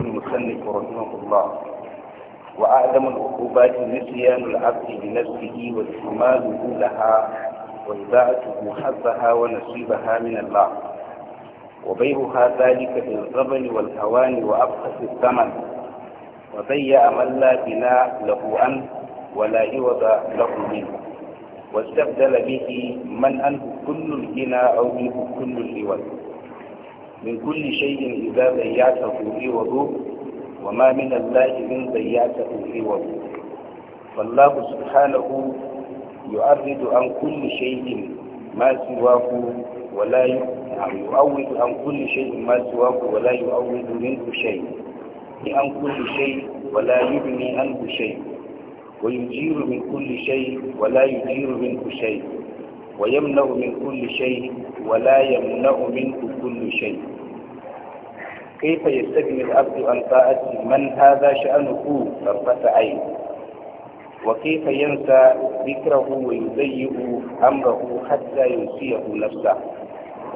المسلم رحمه الله وأعظم العقوبات نسيان العبد بنفسه واستعماله لها وإباعته حظها ونصيبها من الله وبيعها ذلك بالغبن والهوان وأبخس الثمن وضيع من لا بناء له عنه ولا عوض له منه واستبدل به من أنه كل الغنى أو منه كل العوض من كل شيء إذا ضيعته في وضوء وما من الله من ضيعته في وضوء فالله سبحانه يعرض عن كل شيء ما سواه ولا يؤود نعم، عن كل شيء ما سواه ولا يؤود منه شيء عن كل شيء ولا يبني عنه شيء ويجير من كل شيء ولا يجير منه شيء ويمنع من كل شيء ولا يمنع منه كل شيء كيف يستغني العبد ان طاعت من هذا شأنه طرفة عين وكيف ينسى ذكره ويضيء أمره حتى ينسيه نفسه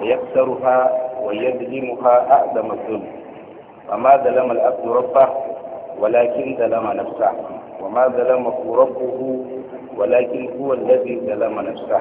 ويكسرها ويظلمها أعظم الظلم فما ظلم العبد ربه ولكن ظلم نفسه وما ظلمه ربه ولكن هو الذي ظلم نفسه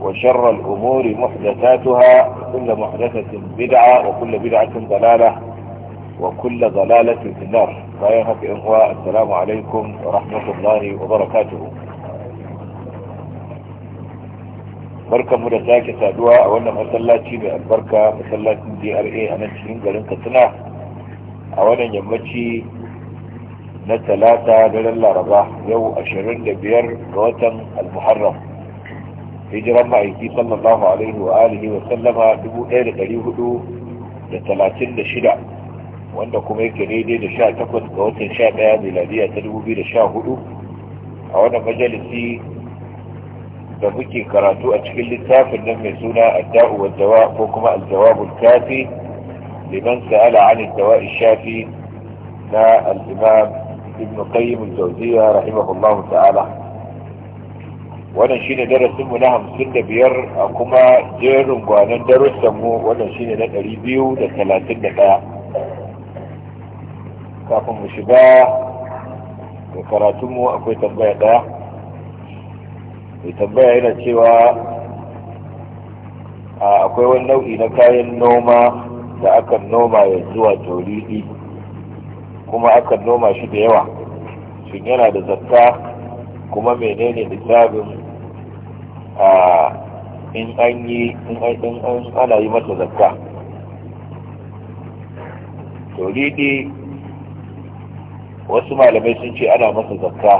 وشر الأمور محدثاتها كل محدثة بدعة وكل بدعة ضلالة وكل ضلالة في النار طيب أخوة السلام عليكم ورحمة الله وبركاته بركة مرساكة سادوة أولا مسلاتي بأبركة مسلاتي دي أر إيه أنا تشين قلن كتنا أولا جمتي نتلاتة للا رضا يو أشرين لبير قوتا المحرم hijiran ma'aiki sallallahu alaihi wa alihi wa sallama 1436 wanda kuma yake daidai da 18 ga watan 11 miladiya ta 2014 a wannan majalisi da muke karatu a cikin littafin nan mai suna adda'u wa dawa ko kuma aljawabul kafi liman sa'ala an dawa shafi na al-imam ibn qayyim al-jawziyya rahimahullahu ta'ala wannan shine darasin mu na hamsin da biyar a kuma jerin gwanon darussan mu wannan shine na ɗari biyu da talatin da ɗaya kafin mu shiga da karatunmu mu akwai tambaya ɗaya mai tambaya yana cewa akwai wani nau'i na kayan noma da akan noma ya zuwa riɗi kuma akan noma shi da yawa shin yana da zakka kuma menene lissafin in an yi in ana yi mata zakka to riɗi wasu malamai sun ce ana masa zakka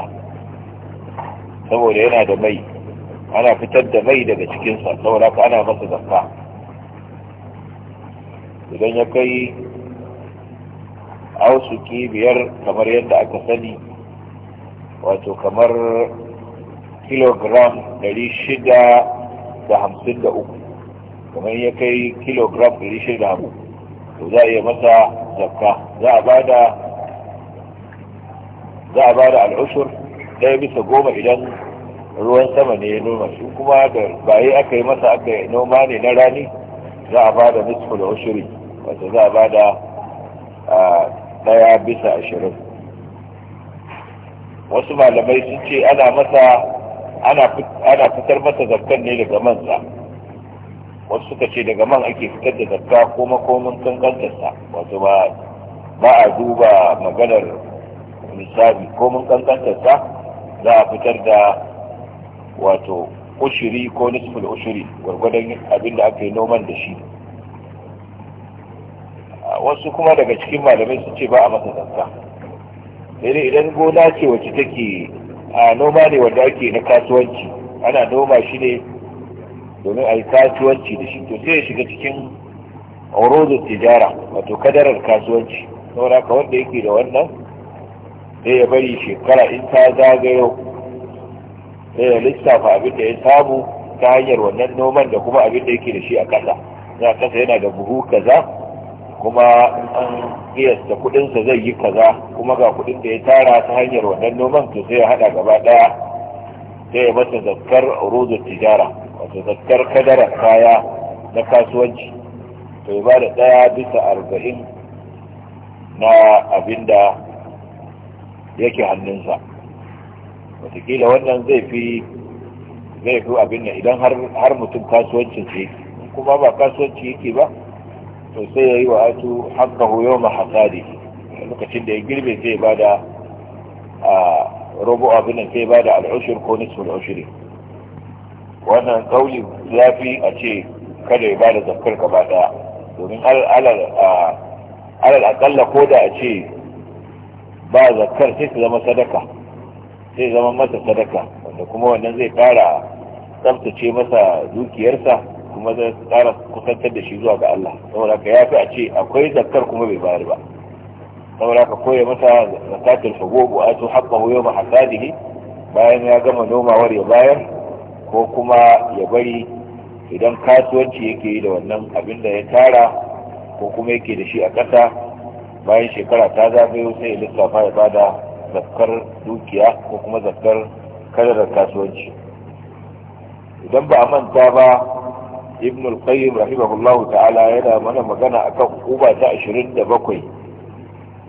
saboda yana da mai ana fitar da mai daga cikinsa saboda ka ana masa zakka idan ya kai ausuki biyar kamar yadda aka sani wato kamar kilogram 653 kamar ya kai kilogram 650 to za a iya masa zakka za a bada za a al'ushur ɗaya bisa goma idan ruwan sama ne ya noma shi kuma da baye aka yi masa aka yi noma ne na rani za a bada nisfu da ushuri wata za a bada ɗaya bisa ashirin wasu malamai sun ce ana masa ana fitar masa zakkan ne daga mansa wasu suka ce daga man ake fitar da zakka ko makomin kankantarsa wato ba ba a duba maganar misali mun kankantarsa za a fitar da wato ushiri ko nisful ushiri gwargwadon abin da aka yi noman da shi wasu kuma daga cikin malamai su ce ba a masa zakka sai idan gona ce wacce take a noma ne wanda ake na kasuwanci ana noma shi ne domin a yi kasuwanci da shi to sai ya shiga cikin orozin tijara wato kadarar kasuwanci saboda ka wanda yake da wannan sai ya bari shekara in ta zagayo sai ya lissafa abin da ya samu ta hanyar wannan noman da kuma abin da yake da shi a ƙasa a ƙasa yana da buhu kaza kuma an kiyasta kudinsa zai yi kaza kuma ga kudin da ya tara ta hanyar wannan noman to sai ya hada gaba daya sai ya masa zakkar rudu tijara wato zakkar kadara kaya na kasuwanci to ya bada daya bisa arba'in na abin da yake hannunsa watakila wannan zai fi zai fi abin nan idan har mutum kasuwancin ce kuma ba kasuwanci yake ba to sai ya yi wa atu haƙƙahu yau lokacin da ya girbe sai ba da rubu abin nan sai ba da al'ushir ko nisful ushiri wannan kauli ya fi a ce kada ya ba da zakar domin alal aƙalla ko da a ce ba zakar sai su zama sadaka sai zama masa sadaka wanda kuma wannan zai a tsabtace masa dukiyarsa kuma zai tsara kusantar da shi zuwa ga Allah saboda ka yafi a ce akwai zakar kuma bai bayar ba saboda ka koya masa zakatul hubub wa atu haqqahu yawma hasadihi bayan ya gama nomawar ya bayar ko kuma ya bari idan kasuwanci yake yi da wannan abin da ya tara ko kuma yake da shi a ƙasa bayan shekara ta zagayo sai ya lissafa ya bada zakar dukiya ko kuma zakar kadarar kasuwanci idan ba a manta ba ibn al-qayyim rahimahullahu ta'ala yana mana magana akan uba ta 27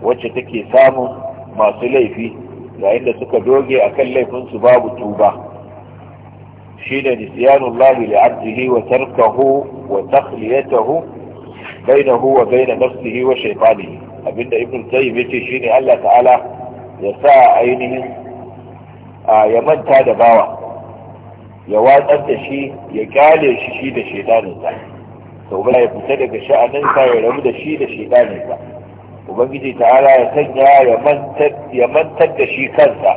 wacce take samun masu laifi yayin da suka doge akan laifin su babu tuba shine nisyanullahi li'abdihi wa tarkahu wa takhliyatuhu bainahu wa bain nafsihi wa shaytanihi abinda ibn al-qayyim yace shine Allah ta'ala ya sa ainihin ya manta da bawa ya watsar da shi ya kyale shi shi da shaidaninsa saboda ya fita daga sha'aninsa ya rabu da shi da shaidaninsa ubangiji ta'ala ya sanya ya mantar da shi kansa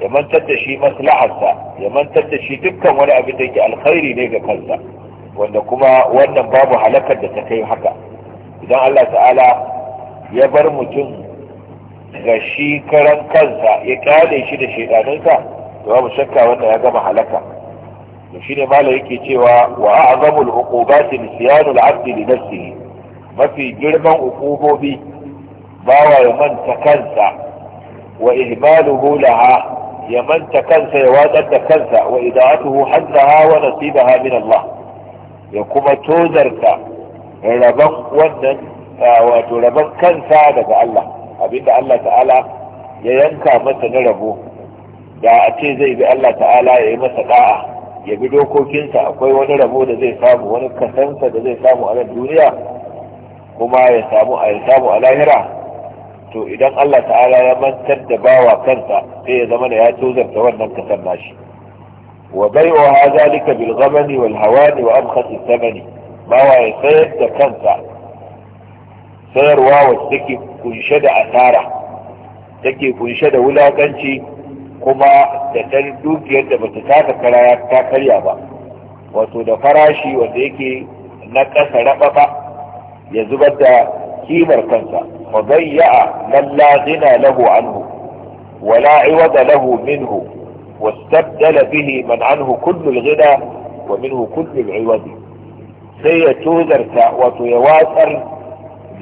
ya mantar da shi maslaharsa ya mantar da shi dukkan wani abin da yake alkhairi ne ga kansa wanda kuma wannan babu halakar da ta kai haka idan Allah ta'ala ya bar mutum ga shi karan kansa ya kyale shi da shaidaninsa to babu shakka wannan ya gama halaka to shine mala yake cewa wa a'zamul uqubati nisyanul 'abdi li nafsihi mafi girman uqubobi bawa ya manta kansa wa ihmaluhu laha ya manta kansa ya watsar da kansa wa idatuhu haddaha wa nasibaha min Allah ya kuma tozarta rabon wannan wato rabon kansa daga Allah abinda Allah ta'ala ya yanka masa na rabo da a ce zai bi Allah ta'ala ya yi masa da'a ya bi dokokinsa akwai wani rabo da zai samu wani kasansa da zai samu a nan duniya kuma ya samu a ya samu a lahira to idan Allah ta'ala ya mantar da bawa kansa sai ya zama da ya tozarta wannan kasan nashi wa bai'uha zalika bil ghamani wal hawani wa abkhas thamani bawa ya sayar da kansa sayarwa wacce take kunshe da asara take kunshe da wulakanci kuma da dan dukiyar da bata taka karaya ta karya ba wato da farashi wanda yake na ƙasa raɓaɓa ya zubar da kimar kansa fa bayya'a man la ghina lahu anhu wala la iwada lahu minhu wastabdala bihi man anhu kullu al wa minhu kullu al-iwadi sai ya tozarta wato ya watsar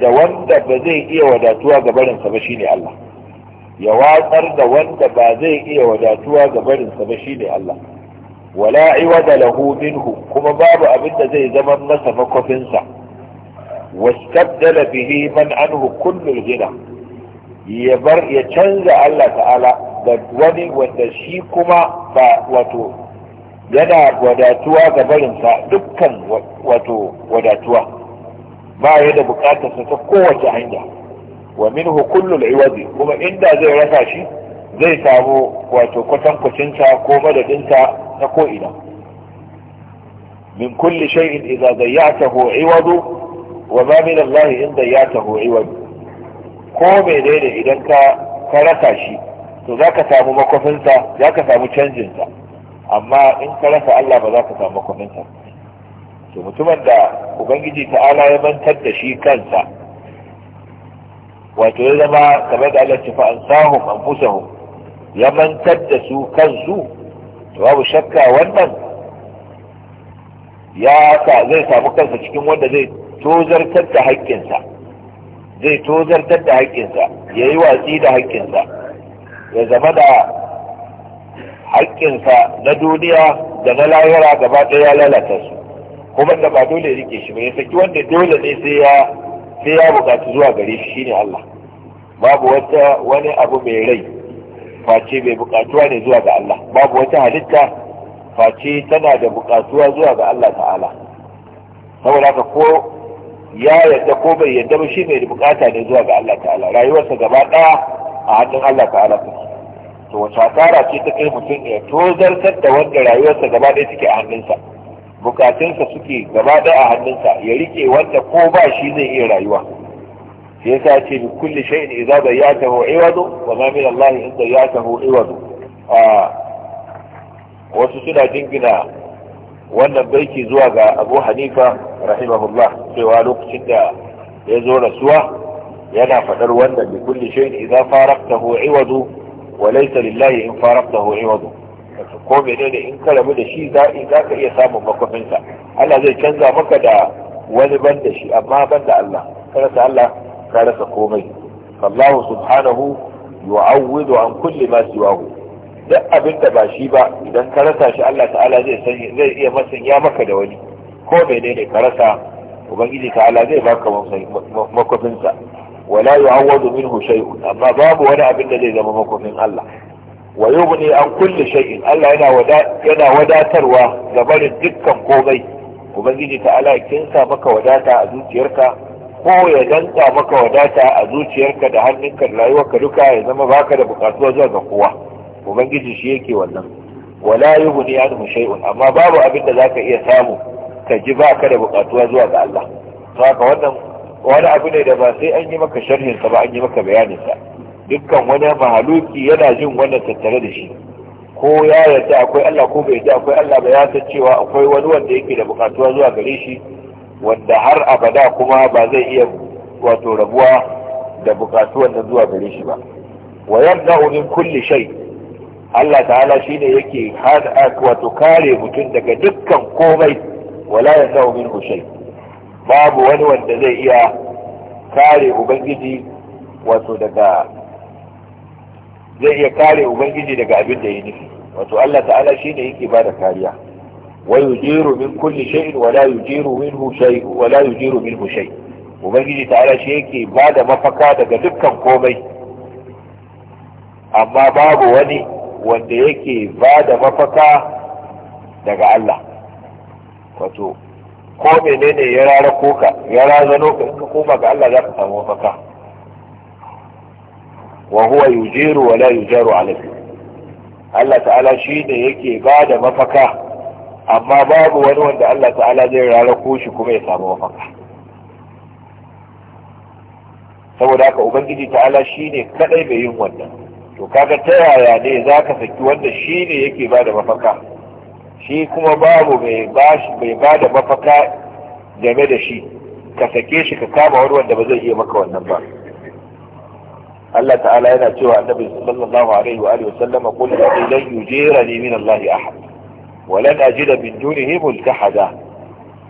da wanda ba zai iya wadatuwa ga barinsa ba shine Allah ya watsar da wanda ba zai iya wadatuwa ga barinsa ba ne Allah wala da lahu kuma babu abin da zai zama masa makofinsa wastabdala bihi man anhu kullul gina ya ya canza Allah ta'ala da wani wanda shi kuma ba wato yana wadatuwa ga barinsa dukkan wato wadatuwa ba ya da bukatarsa ta kowace hanya wa minhu kullul iwazi kuma inda zai rasa shi zai samu wato kwatankwacinta ko madadinta ta ko'ina min kulli shay'in idza dayyatahu iwadu wa ma min Allah in dayyatahu iwadu ko menene idan ka ka rasa shi to zaka samu makofinsa zaka samu canjin sa amma in ka rasa Allah ba za ka samu makofinsa to mutumin da ubangiji ta'ala ya mantar da shi kansa wato ya zama kamar da Allah tafi an sahum an ya mantar da su kansu to babu shakka wannan ya ka zai samu kansa cikin wanda zai tozartar da haƙƙinsa zai tozartar da haƙƙinsa ya yi watsi da haƙƙinsa ya zama da haƙƙinsa na duniya da na lahira gaba ɗaya ya lalata su kuma da ba dole ya rike shi ba ya saki wanda dole ne sai ya sai ya buƙaci zuwa gare shi shine Allah babu wata wani abu mai rai face mai buƙatuwa ne zuwa ga Allah babu wata halitta face tana da buƙatuwa zuwa ga Allah ta'ala saboda haka ko ya yadda ko bai yadda ba shi mai buƙata ne zuwa ga Allah ta'ala rayuwarsa gaba ɗaya a hannun Allah ta'ala take to wata asara ce ta kai mutum ya tozartar da wanda rayuwarsa gaba ɗaya take a hannunsa bukatunsa suke gaba ɗaya a hannunsa ya rike wanda ko ba shi zai iya rayuwa sai yasa ce bi kulli shay'in idza bayyatahu iwadu wa ma min Allah in bayyatahu iwadu a wasu suna dingina wannan baiti zuwa ga Abu Hanifa rahimahullah cewa lokacin da ya zo rasuwa yana faɗar wanda bi kulli shay'in idza faraqtahu iwadu wa laysa lillahi in faraqtahu iwadu ko menene in ka rabu da shi za ka iya samun makwafinsa Allah zai canza maka da wani ban da shi amma ban da Allah ka rasa Allah ka rasa komai Allah subhanahu yu'awwidu an kulli ma siwahu duk abin da ba shi ba idan ka rasa shi Allah ta'ala zai sanya zai iya masanya maka da wani ko menene ka rasa ubangiji ta'ala zai baka makwafinsa wala yu'awwadu minhu shay'un amma babu wani abin da zai zama makwafin Allah wa yughni an kulli shay'in Allah yana yana wadatarwa ga barin dukkan komai ubangiji ta'ala kinsa maka wadata a zuciyarka ko ya danka maka wadata a zuciyarka da hannunka da rayuwarka duka ya zama baka da bukatuwa zuwa ga kowa ubangiji shi yake wannan wala yughni anhu shay'un amma babu abin da zaka iya samu ka ji baka da bukatuwa zuwa ga Allah to haka wannan wani abu ne da ba sai an yi maka sharhin sa ba an yi maka bayanin sa dukkan wani mahaluki yana jin wannan tattare da shi ko ya yarda akwai Allah ko bai yarda akwai Allah ba ya san cewa akwai wani wanda yake da bukatuwa zuwa gare shi wanda har abada kuma ba zai iya wato rabuwa da bukatuwan nan zuwa gare shi ba wa yamna'u min kulli shay Allah ta'ala shine yake hada wato kare mutum daga dukkan komai wala yamna'u min shay babu wani wanda zai iya kare ubangiji wato daga zai iya kare ubangiji daga abin da ya nufi wato Allah ta'ala shine yake bada kariya wa yujiru min kulli shay'in wa la yujiru minhu shay wa la yujiru minhu shay ubangiji ta'ala shi yake bada mafaka daga dukkan komai amma babu wani wanda yake bada mafaka daga Allah wato ko menene ya rara koka ya razano ka koma ga Allah za ka samu mafaka wa huwa yujiru wa la yujaru alaihi Allah ta'ala shi ne yake ba da mafaka amma babu wani wanda Allah ta'ala zai rarako shi kuma ya samu mafaka saboda haka ubangiji ta'ala shi ne kadai bai yin wannan to kaga ta yaya ne za ka saki wanda shi ne yake ba da mafaka shi kuma babu bai ba da mafaka game da shi ka sake shi ka kama wani wanda ba zai iya maka wannan ba Allah ta'ala yana cewa annabi sallallahu alaihi wa alihi wasallama qul la yujirani min Allah ahad wa lan ajida min dunihi multahada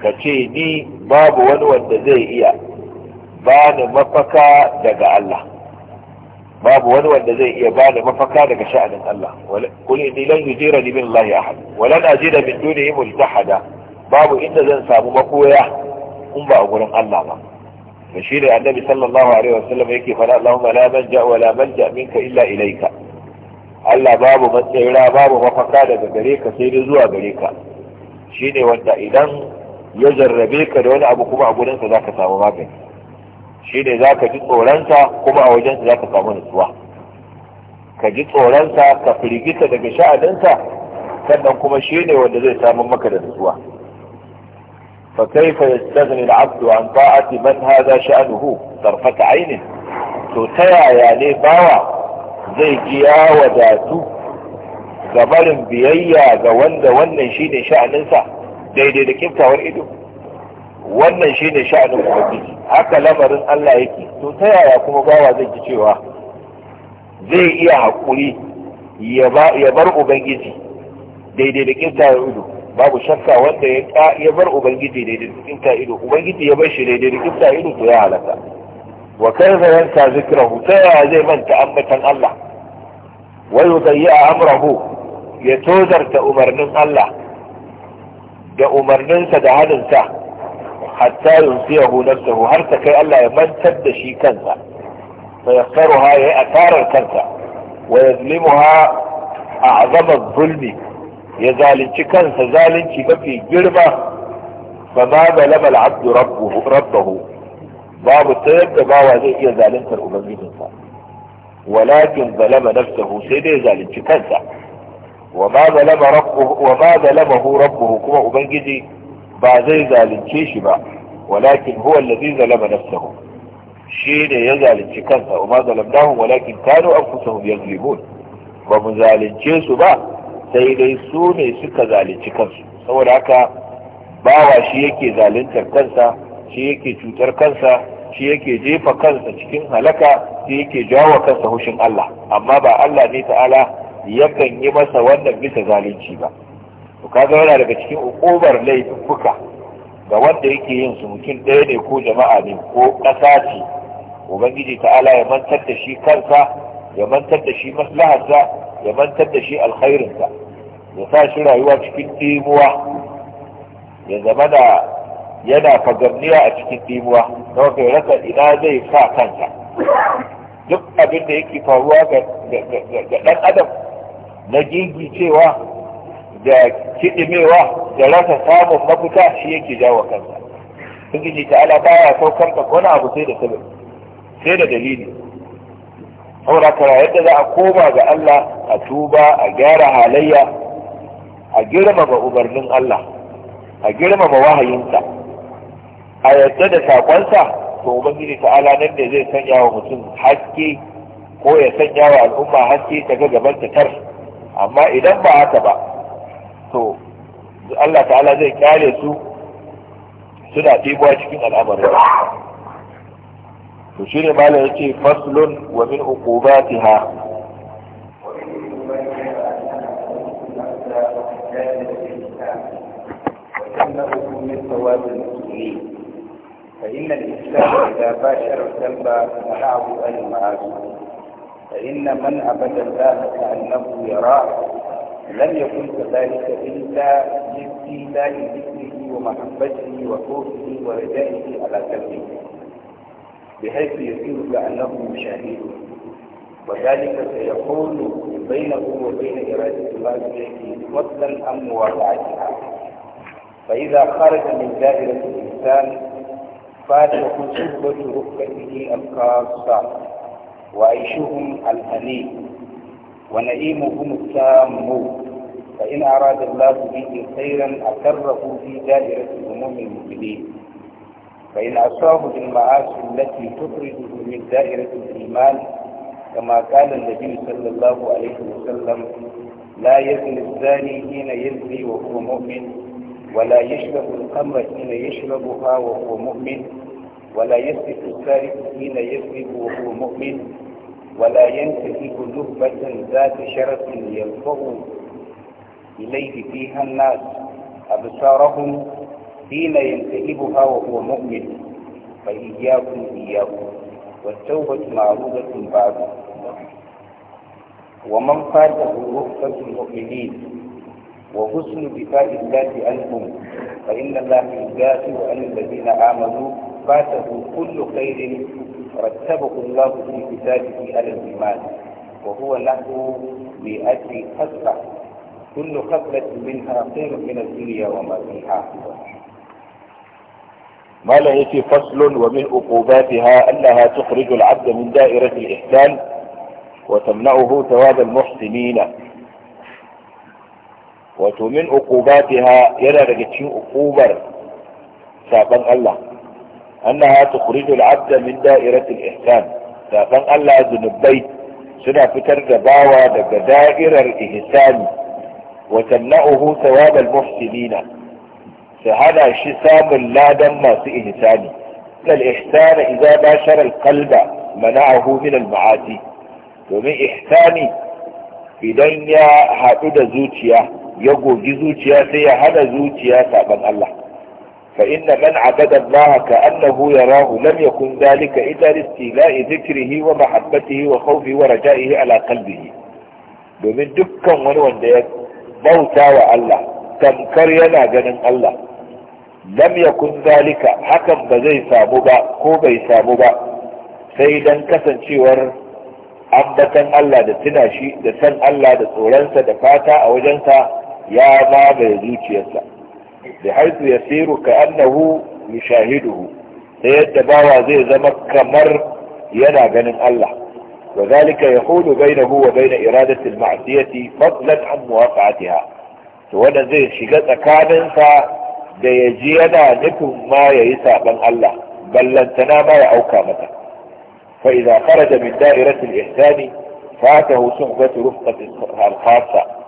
kace ni babu wani wanda zai iya bani mafaka daga Allah babu wani wanda zai iya bani mafaka daga sha'anin Allah qul inni lan yujirani min Allah ahad wa lan ajida min dunihi multahada babu inda zan samu makoya in ba a gurin Allah ba to shi da annabi sallallahu alaihi wasallam yake fara Allahumma la manja wa la manja minka illa ilaika Allah babu matsayira babu mafaka daga gare ka sai dai zuwa gare ka shine wanda idan ya jarrabe ka da wani abu kuma a gurin sa zaka samu magani shine zaka ji tsoron sa kuma a wajen sa zaka samu nutsuwa ka ji tsoron sa ka firgita daga sha'adin sa sannan kuma shine wanda zai samu maka da nutsuwa فكيف يستغني العبد عن طاعة من هذا شأنه طرفة عين تتيا يعني باوى zai ji ya ga barin biyayya ga wanda wannan shi ne sha'aninsa daidai da kimtawar ido wannan shi ne sha'anin ubangiji haka lamarin Allah yake to ta yaya kuma bawa zai ji cewa zai iya haƙuri ya bar ubangiji daidai da kimtawar ido babu shakka wanda ya bar ubangiji daidai da kinta ido ubangiji ya bar shi daidai da kinta to ya halaka wa kaifa yanka zikrahu ta zai manta ambatan Allah wa yudayya amrahu ya tozarta umarnin Allah da umarninsa da hadinsa hatta yunsiyahu nafsahu har ta kai Allah ya mantar da shi kansa fa yasaruha ya asarar kansa wa a a'zama zulmi ya zalunci kansa zalunci mafi girma ba ma galaba al-abdu rabbahu babu ta yadda bawa zai iya zaluntar ubangijinsa walakin zalama nafsahu sai dai zalunci kansa wa ma zalama rabbuhu wa kuma ubangiji ba zai zalunce shi ba walakin huwa allazi zalama nafsahu shi ne ya zalunci kansa wa ma zalamnahu walakin kanu anfusahum yazlimun ba mu zalunce su ba sai dai su ne suka zalunci kansu saboda haka bawa shi yake zaluntar kansa shi yake cutar kansa shi yake jefa kansa cikin halaka shi yake jawo kansa hushin Allah amma ba Allah ne ta'ala yakan yi masa wannan bisa zalunci ba to kaga yana daga cikin ukubar laifuka ga wanda yake yin su mutum ɗaya ne ko jama'a ne ko ƙasa ce ubangiji ta'ala ya mantar da shi kansa ya mantar da shi maslaharsa ya mantar da shi alkhairinsa ya sa shi rayuwa cikin ɗimuwa ya zama da yana fagarniya a cikin na wata ya rasa ina zai sa kanta. duk abin da yake faruwa ga ɗan adam na gingicewa da kiɗimewa da rasa samun mafita shi yake jawo kanta. ubangiji ta ala baya saukar da wani abu sai da sabbi sai da dalili saboda kara yadda za a koma ga Allah a tuba a gyara halayya a girmama umarnin Allah a girmama wahayinsa a yadda da sakonsa to ubangiji ta'ala nan da zai sanya wa mutum haske ko ya sanya wa al'umma haske ta ga gaban ta tar amma idan ba haka ba to Allah ta'ala zai kyale su suna ɗibuwa cikin al'amarin to ne malam ce faslun wa min uqubatiha أنه من ثواب المسلمين فإن الإنسان إذا باشر الذنب منعه المعاصي فإن من عبد الله كأنه يراه لم يكن كذلك إلا لابتلاء ذكره ومحبته وخوفه ورجائه على قلبه بحيث يصير كأنه مشاهده وذلك سيكون بينه وبين إرادة الله إليه وصلا أم مواقعتها فإذا خرج من دائرة الإنسان فاتته صحبة ركبته الخاصة وعيشهم الهني ونعيمهم التام فإن أراد الله به خيرا أكره في دائرة هموم المؤمنين فإن أصابه بالمعاصي التي تخرجه من دائرة الإيمان كما قال النبي صلى الله عليه وسلم لا يزن الزاني حين يزني وهو مؤمن ولا يشرب الخمر حين يشربها وهو مؤمن ولا يسرق السارق حين يسرق وهو مؤمن ولا ينتهك لهبة ذات شرف يرفع إليه فيها الناس أبصارهم حين ينتهبها وهو مؤمن فإياكم إياكم والتوبة معروضة بعد ومن فاته رخصة المؤمنين وحسن دفاع الله عنهم فإن الله يدافع عن الذين آمنوا فاته كل خير رتبه الله في كتابه على الإيمان وهو له مئات خصلة كل خصلة منها خير من الدنيا وما فيها ما لا يأتي فصل ومن عقوباتها أنها تخرج العبد من دائرة الإحسان وتمنعه ثواب المحسنين wato min uqubatiha yana daga cikin uqubar saban Allah annaha tukhriju al min da'irati al-ihsan saban Allah zunubai suna fitar da bawa daga da'irar ihsani wa tamna'uhu thawab al-muhsinina su shi samun ladan masu ihsani al-ihsan idza bashara al-qalba mana'ahu min al-ma'asi domin ihsani idan ya haɗu da zuciya ya gogi zuciya sai ya hana zuciya saban Allah fa inna man abada Allah ka annahu yarahu lam yakun zalika illa istila'i dhikrihi wa mahabbatihi wa khawfi wa raja'ihi ala qalbihi domin dukkan wani wanda ya bauta wa Allah tamkar yana ganin Allah lam yakun zalika hakan ba zai samu ba ko bai samu ba sai dan kasancewar ambatan Allah da tuna shi da san Allah da tsoronsa da fata a wajensa يا ذاب زوجيتك بحيث يسير كأنه يشاهده سيتباوى زي زمك كمر ينعجن الله وذلك يقول بينه وبين إرادة المعزية فضلا عن مواقعتها وانا زي شكت أكادن فيجينا لكم ما ييسى من الله بل لن تنام يا أوكامتا فإذا خرج من دائرة الإحسان فاته صحبة رفقة الخاصة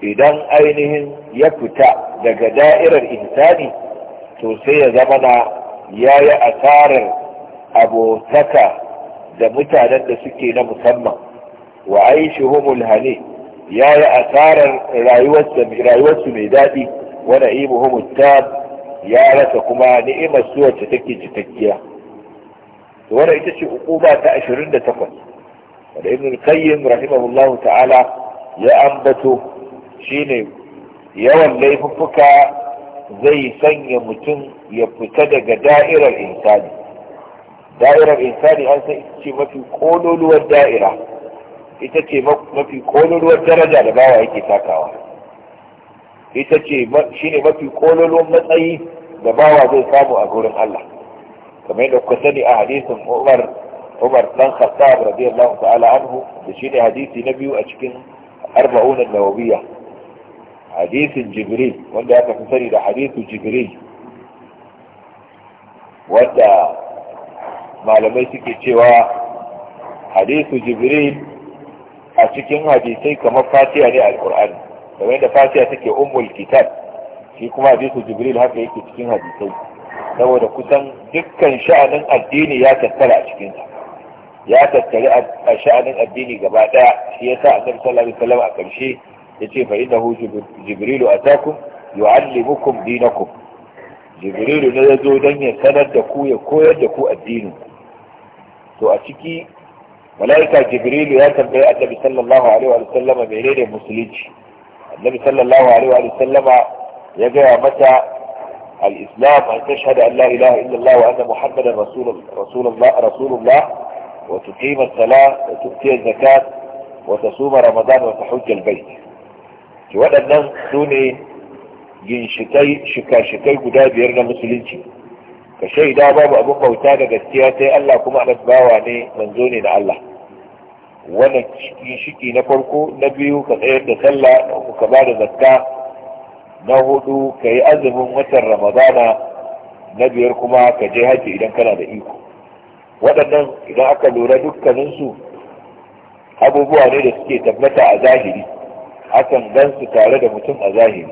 idan ainihin ya fita daga da'irar insani to sai ya zama na ya yi asarar abotaka da mutanen da suke na musamman wa aishuhumul hane ya yi asarar rayuwarsu mai daɗi wa na'imuhumul tam ya rasa kuma ni'imar su wacce take cikakkiya wannan ita ce hukuma ta 28 da ibn qayyim rahimahullahu ta'ala ya ambato shine yawan laifuka zai sanya mutum ya fita daga da'irar insani da'irar insani an san ce mafi kololuwar da'ira ita ce mafi kololuwar daraja da bawa yake takawa ita ce shine mafi kololuwar matsayi da bawa zai samu a gurin Allah kamar yadda kuka sani a hadisin Umar Umar dan Khattab radiyallahu ta'ala anhu da shine hadisi na biyu a cikin arba'un an-nawawiyya hadisin jibril wanda ya fi sani da hadisu jibril wadda malamai suke cewa hadisu jibril a cikin hadisai kamar Fatiya ne alkur'ani kamar yadda Fatiya take ummul kitab shi kuma hadisu jibril haka yake cikin hadisai saboda kusan dukkan sha'anin addini ya tattara a cikin ta, ya tattari a sha'anin addini gaba daya shi yasa annabi sallallahu alaihi wasallam a karshe يتي فإنه جبريل أتاكم يعلمكم دينكم جبريل نذو دنيا سند دكو يكو يدكو الدين تو أتكي ملائكة جبريل ياتم بي النبي صلى الله عليه وسلم ميرين مسلج النبي صلى الله عليه وسلم يجي متى الإسلام أن تشهد أن لا إله إلا الله وأن محمد رسول, رسول الله رسول الله وتقيم الصلاة وتؤتي الزكاة وتصوم رمضان وتحج البيت to waɗannan su ne ginshikai shika-shikai guda biyar na musulunci ka shaida babu abin bauta da gaskiya sai Allah kuma anas bawa ne manzo ne na Allah wannan ginshiki na farko na biyu ka tsayar da sallah na uku ka bada zakka na hudu ka yi azumin watan ramadana na biyar kuma ka je haji idan kana da iko waɗannan idan aka lura dukkaninsu abubuwa ne da suke tabbata a zahiri akan gan su tare da mutum a zahiri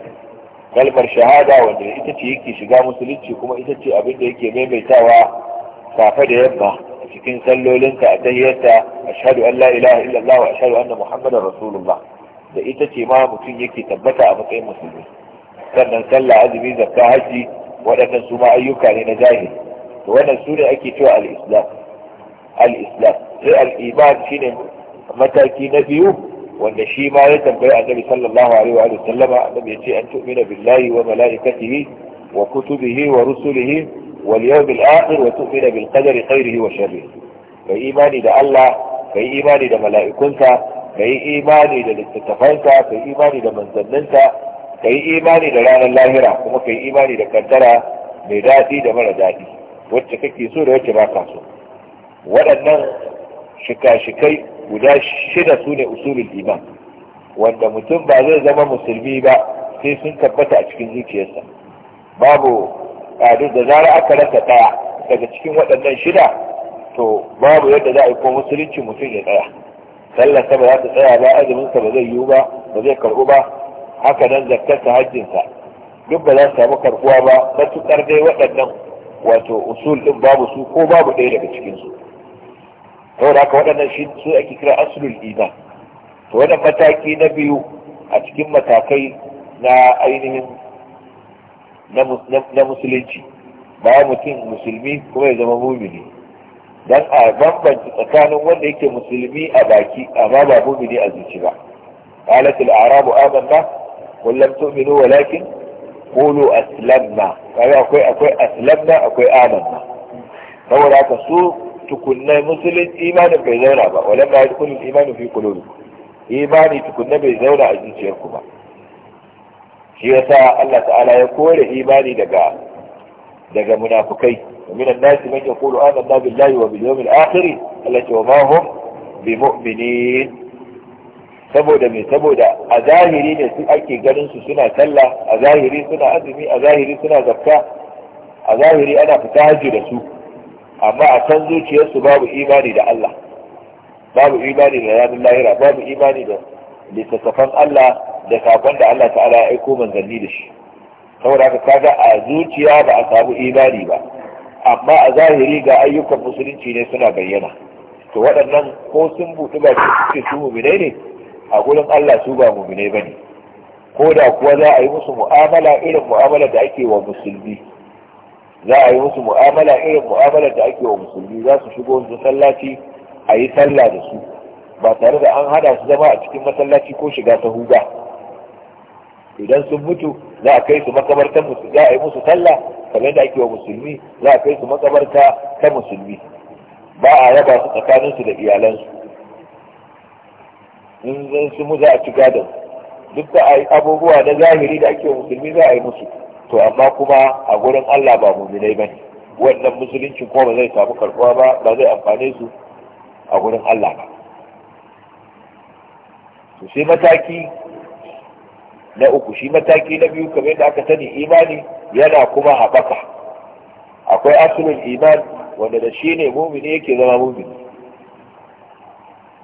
kalmar shahada wanda ita ce yake shiga musulunci kuma ita ce abin da yake maimaitawa safe da yamma a cikin sallolinka a tahiyarta ashhadu an la ilaha illallah wa ashhadu anna muhammadar rasulullah da ita ce ma mutum yake tabbata a matsayin musulmi sannan sallah azumi zakka haji waɗannan su ma ayyuka ne na zahiri to wannan su ne ake cewa al-islam al-islam sai al-iman shine mataki na biyu wanda shi ma ya tambayi annabi sallallahu alaihi wa sallama annabi ya ce an tu'mina billahi wa mala'ikatihi wa kutubihi wa rusulihi wal yawmil akhir wa tu'mina bil qadari khairihi wa sharrihi kai imani da Allah kai imani da mala'ikunsa kai imani da littattafansa kai imani da manzanninsa kai imani da ranar lahira kuma kai imani da kaddara mai daɗi da mara daɗi wacce kake so da wacce baka so waɗannan shika-shikai guda shida su ne usulul iman wanda mutum ba zai zama musulmi ba sai sun tabbata a cikin zuciyarsa babu ƙadu da zara aka rasa ɗaya daga cikin waɗannan shida to babu yadda za a yi ko musulunci mutum ya tsaya sallarsa ba za ta tsaya ba azumin ba zai yiwu ba ba zai karɓu ba haka nan zakkarsa hajjinsa duk ba za su samu karɓuwa ba matuƙar dai waɗannan wato usul ɗin babu su ko babu ɗaya daga cikinsu saboda haka waɗannan shi su ake kira aslul iman to wannan mataki na biyu a cikin matakai na ainihin na musulunci bayan mutum musulmi kuma ya zama mumini dan a bambanci tsakanin wanda yake musulmi a baki amma ba mumini a zuci ba قالت الأعراب آمنا قل لم تؤمنوا ولكن قولوا أسلمنا قالوا أكوي أكوي akwai أكوي آمنا فهو لا تسوق tukunna musulun imanin bai zauna ba walan ma yadkhulul imanin fi qulubikum imani tukunna bai zauna a zuciyarku ba shi yasa Allah ta'ala ya kore imani daga daga munafukai ومن الناس من يقول آمنا بالله وباليوم الآخر ma وما bi بمؤمنين saboda me saboda a zahiri ne su ake ganin su suna sallah a zahiri suna azumi a zahiri suna zakka a zahiri ana fita haji da su amma a can zuciyarsu babu imani da Allah babu imani da ranar lahira babu imani da littattafan Allah da sakon da Allah ta'ala ya aiko manzanni da shi saboda haka kaga a zuciya ba a samu imani ba amma a zahiri ga ayyukan musulunci ne suna bayyana to waɗannan ko sun buɗi ba su suke su muminai ne a gurin Allah su ba muminai ba ne ko da kuwa za a yi musu mu'amala irin mu'amala da ake wa musulmi za a yi musu mu'amala irin mu'amalar da ake wa musulmi za su shigo masallaci a yi sallah da su ba tare da an hada su zama a cikin masallaci ko shiga ta huga idan sun mutu za a kai su makabarta za a yi musu sallah kamar da ake wa musulmi za a kai su makabarta ta musulmi ba a raba su tsakaninsu da iyalansu in zan su mu za a ci gadon duk da abubuwa na zahiri da ake wa musulmi za a yi musu to amma kuma a gurin Allah ba mu'minai ne. wannan musuluncin kuma ba zai samu karɓuwa ba ba zai amfane su a gurin Allah ba to sai mataki na uku shi mataki na biyu kamar yadda aka sani imani yana kuma haɓaka akwai asulin iman wanda da shi ne mumini yake zama mumini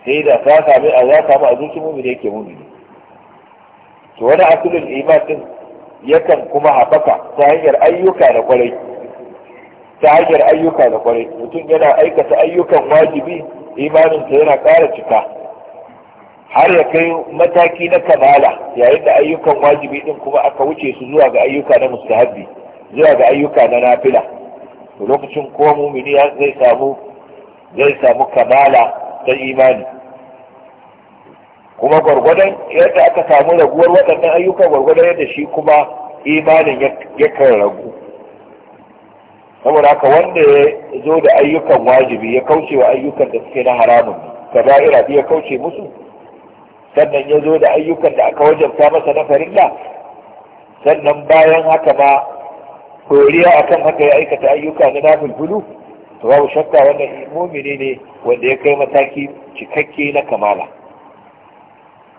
sai da ta sami a za samu a zuci mumini yake mumini to wani asulin iman din yakan kuma haɓaka ta hanyar ayyuka da kwarai ta hanyar ayyuka da kwarai mutum yana aikata ayyukan wajibi imaninsa yana ƙara cika har ya kai mataki na kamala yayin da ayyukan wajibi din kuma aka wuce su zuwa ga ayyuka na mustahabbi zuwa ga ayyuka na nafila lokacin kowa mumini zai zai samu kamala ta imani kuma gwargwadon yadda aka samu raguwar waɗannan ayyuka gwargwadon yadda shi kuma imanin yakan ragu saboda haka wanda ya zo da ayyukan wajibi ya kauce wa ayyukan da suke na haramun ka da'ira ya kauce musu sannan ya zo da ayyukan da aka wajabta masa na farilla sannan bayan haka ba, koriya akan haka ya aikata ayyuka na nafilfulu to babu shakka wannan mumini ne wanda ya kai mataki cikakke na kamala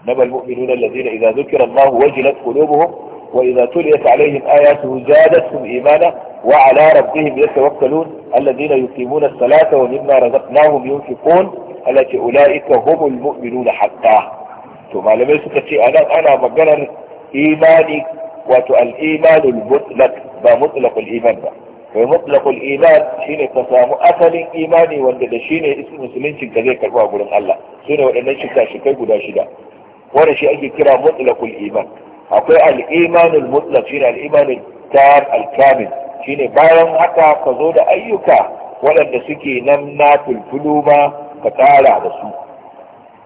نبى المؤمنون الذين إذا ذكر الله وجلت قلوبهم وإذا تليت عليهم آياته زادتهم إيمانا وعلى ربهم يتوكلون الذين يقيمون الصلاة ومما رزقناهم ينفقون التي أولئك هم المؤمنون حقا ثم لم يسكتي أنا أنا مجرد إيماني وتو الإيمان المطلق با مطلق الإيمان با ومطلق الإيمان شيني تسامو أثل إيماني وانده شيني اسم مسلمين شكا زي كربوا أقول الله سنة وإنه شكا شكا قدا شدا wanda shi ake kira mutlaqul iman akwai al-imanul mutlaq shine al-imanul tam al-kamil shine bayan haka ka zo da ayyuka waɗanda suke nan na ka tsara da su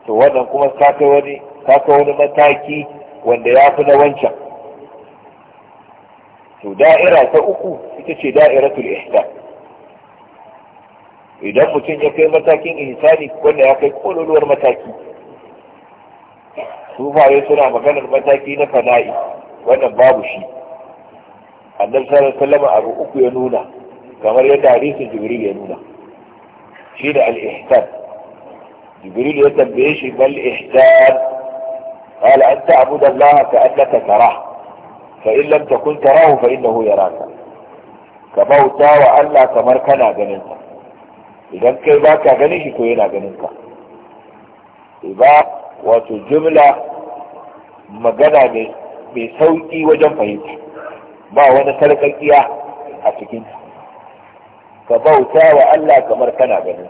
to wannan kuma ka kai wani ka kai wani mataki wanda ya fi na wancan to da'ira ta uku ita ce da'iratul ihsan idan mutum ya kai matakin ihsani wanda ya kai kololuwar mataki sufaye suna maganar mataki na fana'i wannan babu shi annabi sallallahu alaihi wasallam abu uku ya nuna kamar yadda hadisi jibril ya nuna shi da al-ihsan jibril ya tambaye shi bal ihsan قال أن تعبد الله كأنك تراه فإن لم تكن تراه فإنه يراك كبوتا وألا كمر كان جننك إذا كيف باكا جنشك وينا جننك إذا wato jumla magana mai sauƙi wajen fahimta ba wani sarƙaƙiya a cikinta ka bauta wa Allah kamar kana ganin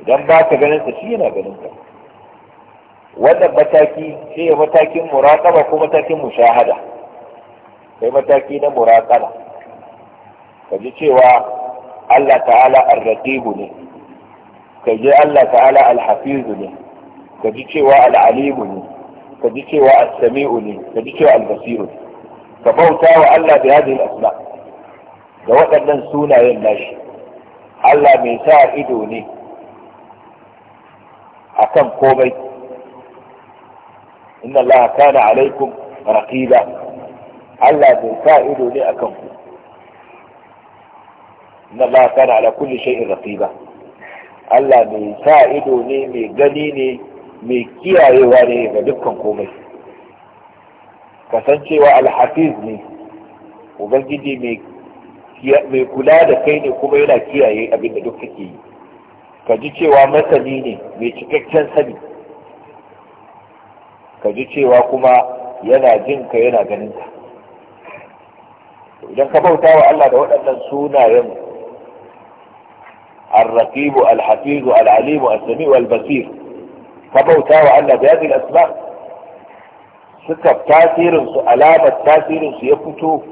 idan ba ka ganin sa shi yana ganin ka wannan mataki shi ne matakin muraƙaba ko matakin mushahada kai mataki na muraƙaba ka ji cewa Allah ta'ala arraqibu ne ka ji Allah ta'ala alhafizu ne ka ji cewa al'alimu ne ka ji cewa as-sami'u ne ka ji cewa al-basiru ka bauta wa Allah bi hadhihi al-asma da waɗannan sunayen nashi Allah mai sa ido ne akan komai inna Allah kana alaikum raqiba Allah mai sa ido ne akan ku inna Allah kana ala kulli shay'in raqiba Allah mai sa ido ne mai gani ne mai kiyayewa ne ga dukkan komai kasancewa alhafiz ne ubangiji mai kula da kai ne kuma yana kiyaye abin da duk kake yi ka ji cewa masani ne mai cikakken sani ka ji cewa kuma yana jin ka yana ganin ka idan ka bauta wa Allah da waɗannan sunayen Al-alibu, الرقيب الحفيظ العليم Al-basir. ka bauta wa Allah da yadda asma suka tasirinsu alamar tasirinsu ya fito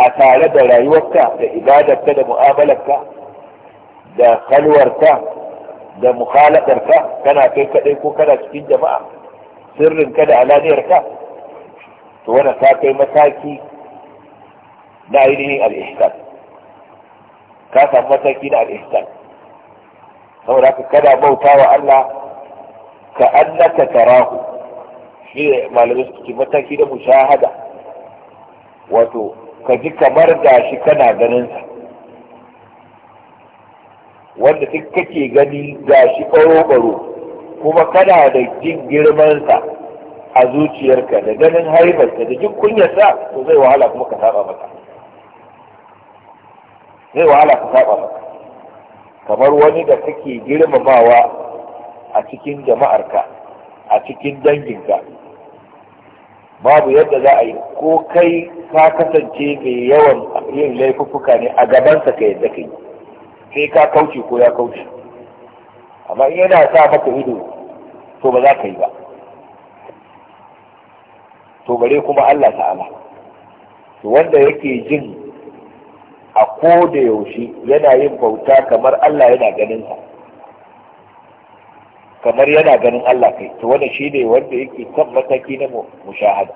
a tare da rayuwarka da ibadarka da mu'amalarka da kalwarka da mukhaladarka kana kai kadai ko kana cikin jama'a sirrinka da alaniyarka to wani ta kai mataki na ainihin al-ihsan ka samu mataki na al-ihsan saboda ka kada bauta wa Allah ka annaka tarahu shi malamai suke mataki da mushahada wato ka ji kamar da shi kana ganin sa. wanda duk kake gani da shi baro-baro kuma kana da jin girmansa a zuciyarka da ganin haibarsa da jin sa, to zai wahala kuma ka saba maka zai wahala ka saba maka kamar wani da kake girmamawa a cikin jama'arka a cikin danginka babu yadda za a yi ko kai ka kasance mai yawan yin laifuffuka ne a gabansa ka yadda ka yi sai ka kauce ko ya kauce amma in yana sa maka ido to ba za ka yi ba to bare kuma Allah ta'ala to wanda yake jin a ko da yaushe yana yin bauta kamar Allah yana ganin sa. kamar yana ganin Allah kai to wanda shi ne wanda yake kan mataki na mushahada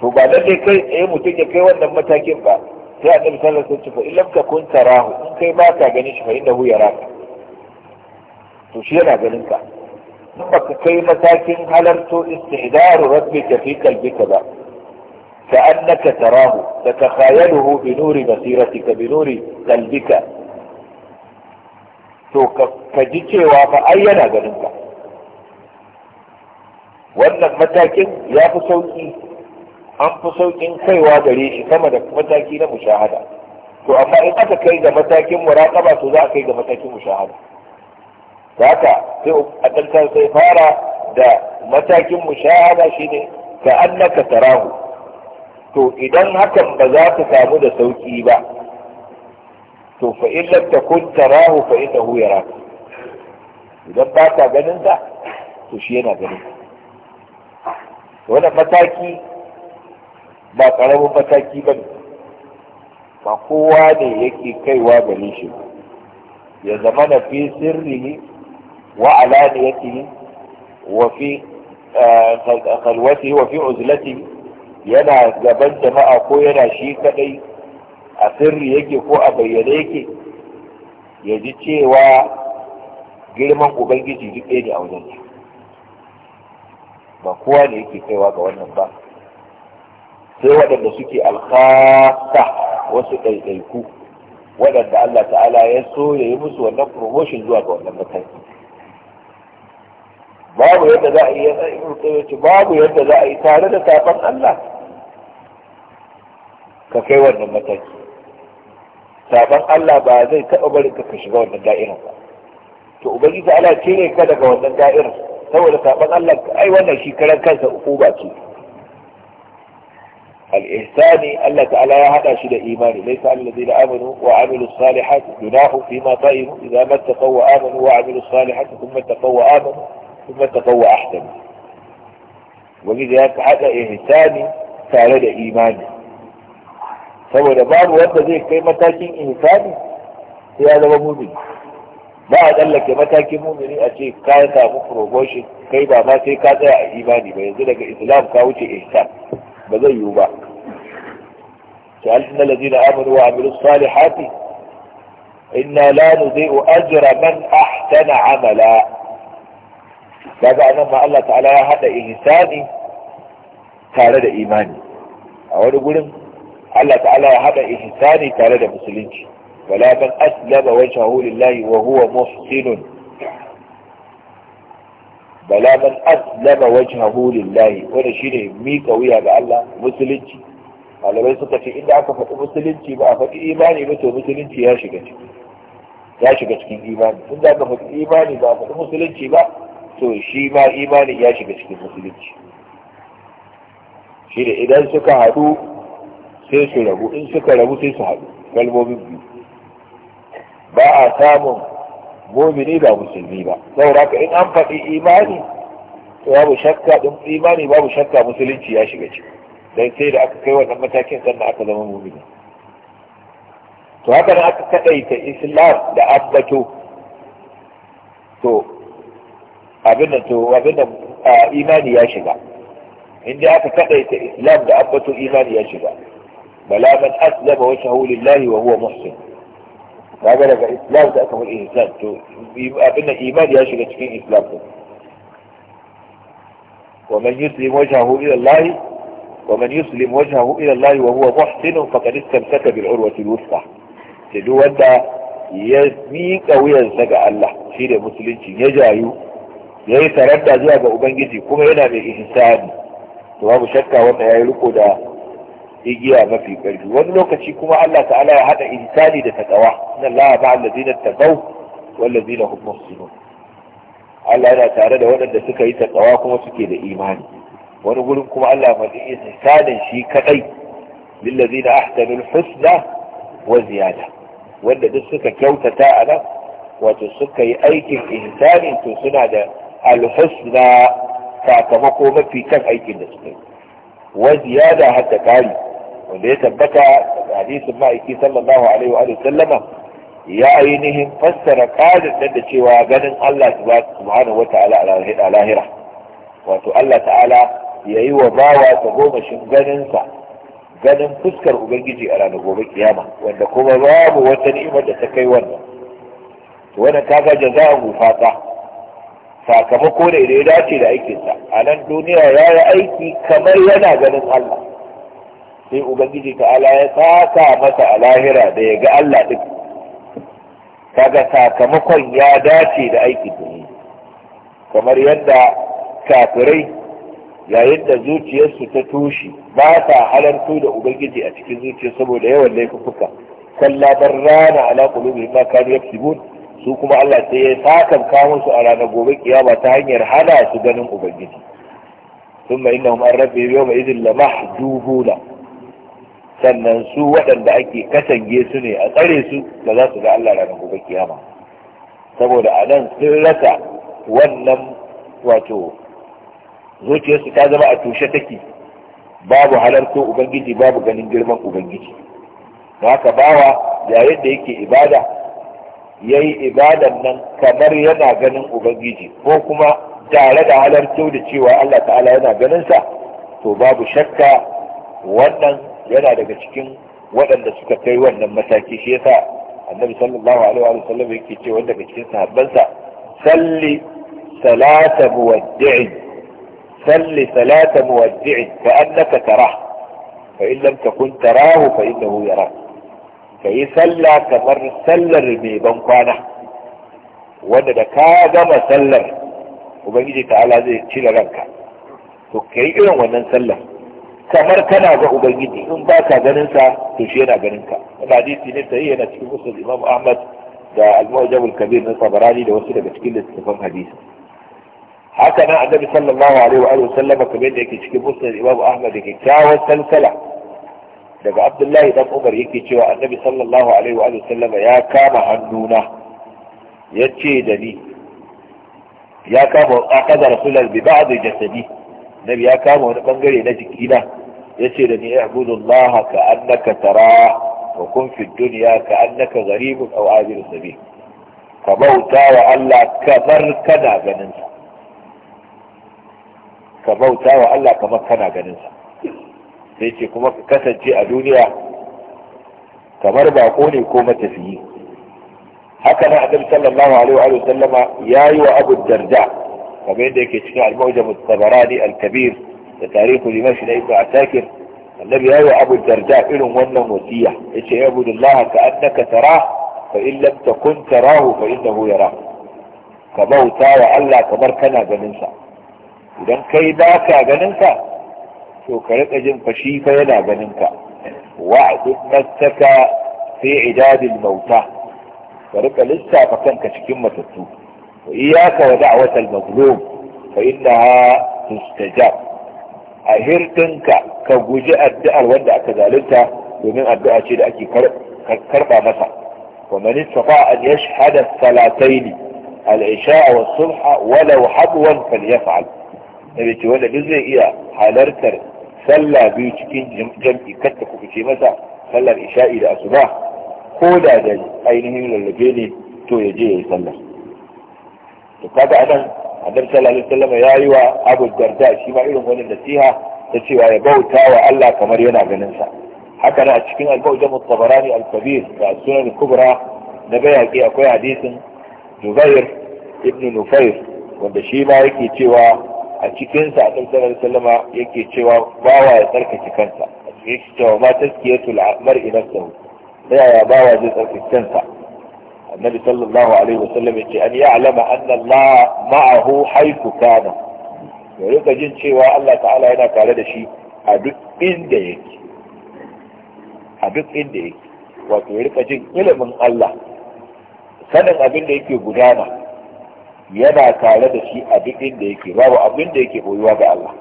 to ba da dai kai eh mutum ya kai wannan matakin ba sai annabi sallallahu alaihi wasallam fa illam kun tarahu in kai ba ka ganin shi fa inda innahu yaraka to shi yana ganin ka in ba ka kai matakin halarto istihdaru rabbika fi qalbika ba ka annaka tarahu ta كأنك bi nuri basiratika bi nuri قلبك to ka ji cewa fa ai yana ganin ka wannan matakin ya fi sauki an fi saukin kaiwa gare shi sama da mataki na mushahada to amma in aka kai ga matakin muraqaba to za a kai ga matakin mushahada haka sai a ɗantar sai fara da matakin mushahada ne ka annaka tarahu to idan hakan ba za ka samu da sauki ba to fa in ta kun tarahu fa innahu idan ba ka ganin ta, to shi yana ganin wannan mataki ba karamin mataki ba ne ba kowa ne yake kaiwa gare shi ya zama na fi ne wa ne wa fi eh, kalwati wa fi uzlati yana gaban jama'a ko yana shi kadai a sirri yake ko a bayyane yake ya ji cewa girman ubangiji duk ɗaya ne a wajen ba kowa ne yake kaiwa ga wannan ba sai waɗanda suke alkhasa wasu ɗaiɗaiku waɗanda Allah ta'ala ya so ya yi musu wannan promotion zuwa ga wannan mataki babu yadda za a yi ya tsaye babu yadda za a yi tare da safan Allah ka kai wannan mataki saban Allah ba zai taɓa bari ka ka shiga wannan da'irar ba to ubangiji Allah ke ne ka daga wannan da'irar saboda saban Allah ai wannan shi karan kansa uku ba ce al-ihsani Allah ta'ala ya hada shi da imani laysa alladhina amanu wa amilu salihati fi ma ta'imu idza mattaqaw wa amanu wa amilu salihati thumma taqaw wa amanu thumma taqaw wa ahsanu ubangiji ya hada ihsani tare da imani saboda babu wanda zai kai matakin insani sai ya zama mumini ba a tsallake matakin mumini a ce ka samu promotion kai ba ma sai ka tsaya a imani ba yanzu daga islam ka wuce ihsan ba zai yiwu ba ta na lazina سألنا الذين آمنوا وعملوا الصالحات إنا لا نضيء أجر amala ba za a nan ma Allah ta'ala ya haɗa ihsani tare da imani a wani gurin Allah ta'ala ya hada ihsani tare da musulunci wala man aslama wajhahu lillahi wa huwa muhsinun bala man aslama wajhahu lillahi wanda shine mika wuya ga Allah musulunci malamai suka ce inda aka faɗi musulunci ba a faɗi imani ba to musulunci ya shiga ciki ya shiga cikin imani In da aka faɗi imani ba a faɗi musulunci ba to shi ma imani ya shiga cikin musulunci shi da idan suka haɗu sai su rabu in suka rabu sai su haɗu kalmomin biyu ba a samun mumini ba musulmi ba saboda ka in an faɗi imani babu shakka din imani babu shakka musulunci ya shiga ciki dan sai da aka kai wannan matakin sannan aka zama mumini to haka nan aka kadaita islam da abbato to abin to abin imani ya shiga in dai aka kadaita islam da abbato imani ya shiga bala man aslama wajhahu lillahi wa huwa muhsin kaga daga islam da aka faɗi ihsan to abin da imani ya shiga cikin islam din wa man yuslim wajhahu ila Allah wa man yuslim wajhahu ila Allah wa huwa muhsin faqad istamsaka bil urwati al to duk wanda ya yi wuyansa daga Allah shi ne musulunci ya jayu ya yi taranta zuwa ga ubangiji kuma yana mai ihsani to babu shakka wannan ya yi riko da igiya mafi ƙarfi wani lokaci kuma Allah ta'ala ya hada insani da taqwa inna Allah ma'a allazina taqaw wal ladzina hum muhsinun Allah yana tare da waɗanda suka yi taqwa kuma suke da imani wani gurin kuma Allah ma din insanin shi kadai lil ladzina ahsanul husna wa ziyada wanda duk suka kyautata a nan wato suka yi aikin insani to suna da al-husna sakamako mafi kan aikin da suka yi wa ziyada hatta kari wanda ya tabbata da hadisin ma'aiki sallallahu alaihi wa sallama ya ainihin fassara ƙarin nan da cewa ganin Allah subhanahu wa ta'ala a lahira wato Allah ta'ala ya yi wa bawa ta gomashin ganinsa ganin fuskar ubangiji a ranar gobe kiyama wanda kuma babu wata ni'imar da ta kai wannan to wannan kaga jaza'u fata sakamako ne idan ya dace da aikinsa a nan duniya ya yi aiki kamar yana ganin Allah sai ubangiji ta'ala ya saka masa a lahira da ya ga Allah din kaga sakamakon ya dace da aikin da kamar yadda kafirai yayin da zuciyarsu ta tushe ba sa halartu da ubangiji a cikin zuciya saboda yawan laifuka kalla barrana ala qulubihim ma kanu yaksubun su kuma Allah sai ya sakanka musu a ranar gobe kiyama ta hanyar hana su ganin ubangiji ثم إنهم عن ربهم يومئذ لمحجوبون sannan su waɗanda ake katange su ne a tsare su ba za su ga Allah ranar gobe kiyama saboda a nan sun rasa wannan wato zuciyarsu ta zama a tushe take babu halarto ubangiji babu ganin girman ubangiji da haka bawa yayin da yake ibada ya yi ibadan nan kamar yana ganin ubangiji ko kuma tare da halarto da cewa Allah ta'ala yana ganinsa to babu shakka wannan yana daga cikin waɗanda suka kai wannan mataki shi yasa annabi sallallahu alaihi wa sallam yake cewa daga cikin sahabbansa salli salata muwaddi'i salli salata muwaddi'i fa annaka tarah fa in lam takun tarahu fa innahu salla kamar sallar mai ban kwana wanda da ka gama sallar ubangiji ta'ala zai cire ranka to kai irin wannan sallar kamar kana ga ubangiji in ba ka ganin sa to shi yana ganin ka wannan hadisi ne sai yana cikin musul imam ahmad da al-mu'jam al-kabir na sabarani da wasu daga cikin littattafan hadisi haka nan annabi sallallahu alaihi wa alihi wasallam kamar yadda yake cikin musul imam ahmad da kawo salsala daga abdullahi dan umar yake cewa annabi sallallahu alaihi wa alihi wasallam ya kama hannuna yace da ni ya kama aqada rasulullah bi ba'd jasadi nabi ya kama wani bangare na jikina yace da ni ihbudullaha ka annaka tara wa kun fi dunya ka annaka gharibun aw abirun sabil ka bauta wa Allah kamar kana ganin sa ka bauta wa Allah kamar kana ganin sa sai ce kuma ka kasance a duniya kamar bako ne ko matafiyi haka nan annabi sallallahu alaihi wa sallama yayi wa Abu Darda kamar yadda yake cikin al-Mu'jam at-Tabarani al-Kabir da tarihu limashi na ibnu asakir annabi yayi wa abu darda irin wannan wasiya yace ya budullah ka annaka tara fa in lam takun tarahu fa innahu yara ka bauta wa Allah kamar kana ganin sa idan kai ba ka ganin sa to ka rika jin fashi fa yana ganin ka wa'dud nafsaka fi idadil mauta ka rika lissafa kanka cikin matattu wa iyyaka wa da'watal mazlum fa innaha tustajab a hirɗinka ka guji addu'ar wanda aka zalunta domin addu'a ce da ake karba masa wa man istafa an yashhada salatayn al-isha wa subha walau hadwan falyaf'al nabi ce wanda duk zai iya halartar sallah biyu cikin jam'i katta ku ce masa sallar isha'i da asuba ko da da ainihin lallabe ne to ya je ya yi sallah to kaga anan annabi sallallahu alaihi wasallam ya yi wa abu darda shi ma irin wani nasiha ta cewa ya bauta wa Allah kamar yana ganin sa haka na cikin al-bawjam at-tabarani al-kabir da sunan kubra na bayaki akwai hadisin Jubair ibn Nufair wanda shi ma yake cewa a cikin sa annabi sallallahu alaihi wasallam yake cewa bawa ya tsarkake kansa a cikin cewa ma tazkiyatul mar'i nafsuhu da ya bawa zai tsarkake kansa annabi sallallahu alaihi wasallam yace an yi alama Allah ma'ahu haythu ya rika jin cewa Allah ta'ala yana tare da shi a duk inda yake wato ya rika jin ilimin Allah sanin abin da yake gudana yana kare da shi a duk inda yake babu abin da yake boyuwa ga Allah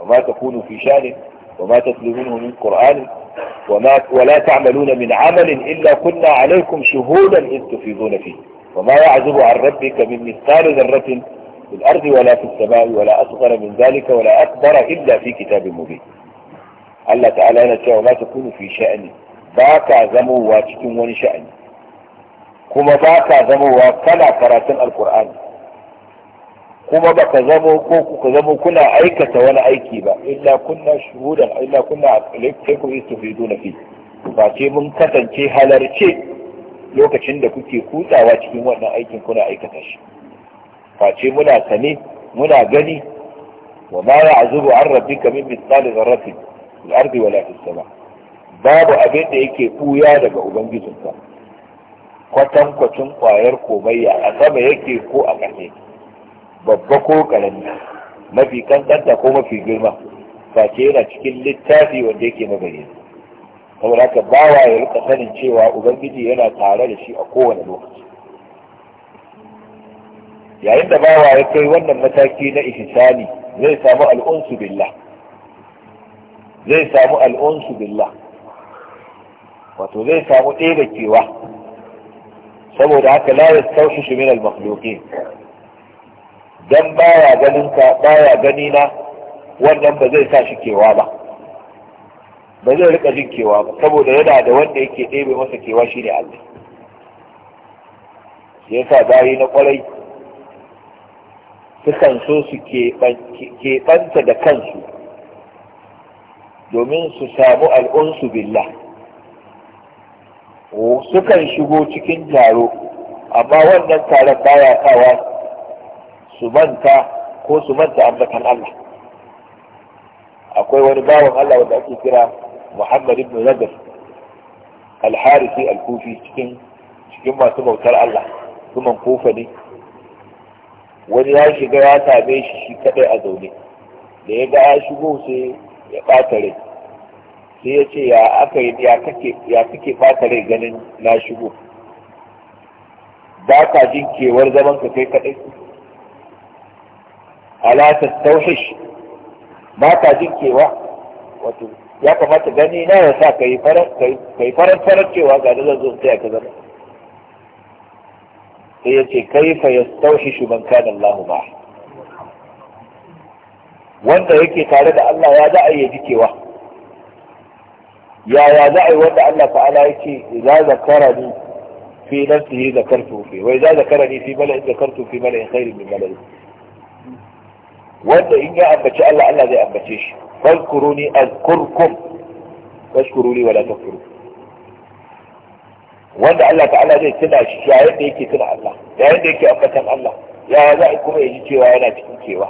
amma ka kunu fi shanin وما تتلونه من قرآن وما ولا تعملون من عمل إلا كنا عليكم شهودا إذ تفيضون فيه وما يعزب عن ربك من مثقال ذرة في الأرض ولا في السماء ولا أصغر من ذلك ولا أكبر إلا في كتاب مبين الله تعالى أنا وما تكون في شأن باك عزموا واتكم ونشأن كما باك عزموا وكلا قراتن القرآن kuma ka zamo ko kuka zamo kuna aikata wani aiki ba illa kunna shuhudan illa kunna alaikum istufiduna fi ba ce mun kasance halarce lokacin da kuke kutsawa cikin wannan aikin kuna aikata shi face muna sane muna gani wa ma ya'zubu an rabbika min mithqali dharratin fil ardi wala fis sama babu abin da yake buya daga ubangijinka kwatan kwacin kwayar komayya a sama yake ko a ƙasa yake babba ko karami mafi kankanta ko mafi girma face yana cikin littafi wanda yake magani saboda haka bawa ya rika sanin cewa ubangiji yana tare da shi a kowane lokaci yayin da bawa ya kai wannan mataki na ihsani zai samu al'unsu billah zai samu al'unsu billah wato zai samu ɗaya da kewa saboda haka la yastawshishu min al-makhluqin dan baya ganin ka baya gani na wannan ba zai sa shi kewa ba ba zai rika jin kewa ba saboda yana da wanda yake ɗebe masa kewa shine Allah ya sa, bayi na kwarai sukan so su keɓanta da kansu domin su samu al'unsu billah sukan shigo cikin taro amma wannan taron baya sawa su manta ko su manta ambatan Allah akwai wani bawan Allah wanda ake kira Muhammad ibn Nadir al-Harisi al-Kufi cikin cikin masu bautar Allah kuma kofa ne wani ya shiga ya same shi shi kadai a zaune da ya ga ya shigo sai ya ɓata rai sai ya ce ya aka yi ya kake ɓata rai ganin na shigo ba ka jin zaman ka kai kadai ala tastawhish ba ka jinkewa wato ya kamata gani na ya sa kai farar kai farar farar cewa ga da zan zo sai ka zama sai ya ce ya yastawhishu man kana Allahu ba wanda yake tare da Allah ya za a yi jikewa ya za a yi wanda Allah ta'ala yake zakara ni fi nafsihi zakartu fi wa zakara ni fi mala'in zakartu fi mala'in khairin min mala'in wanda in ya ambaci Allah Allah zai ambace shi fazkuruni azkurkum washkuruni wala takuru. wanda Allah ta'ala zai tuna shi ya yadda yake tuna Allah ya yadda yake ambatan Allah ya za a kuma yaji cewa yana cikin cewa.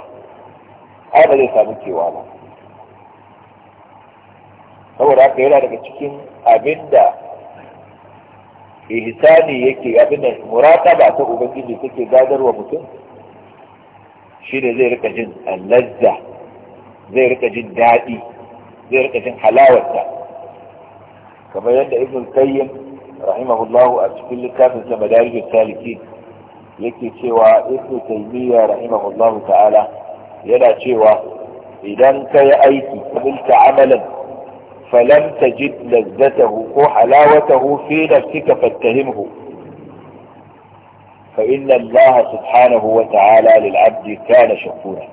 ai ba zai samu kewa ba saboda haka yana daga cikin abinda ihsani yake abinda murataba ta ubangiji take gadarwa mutum shi ne zai rika jin lazza zai rika jin daɗi zai rika jin halawarta kamar yadda ibn qayyim rahimahullahu a cikin littafin sa madarijus salikin yake cewa ibn taymiya rahimahullahu ta'ala yana cewa idan ka yi aiki kabilta amalan falam tajid lazzatahu ko halawatahu fi nafsika fattahimhu فإن الله سبحانه وتعالى للعبد كان شكورا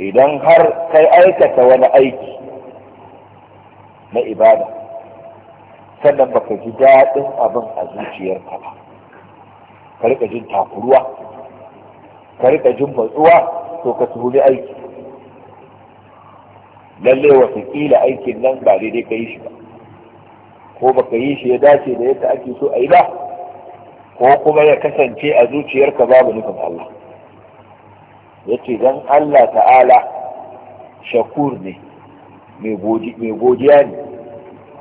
idan har kai aikata wani aiki na ibada sannan baka ji daɗin abin a zuciyarka ba ka rika jin takuruwa ka rika jin matsuwa to ka aiki lalle aikin nan ba daidai ka yi shi ba ko baka yi shi ya dace da yadda ake so a yi ba ko kuma ya kasance a zuciyarka babu nufin Allah Ya ce don Allah ta'ala shakur ne mai godiya ne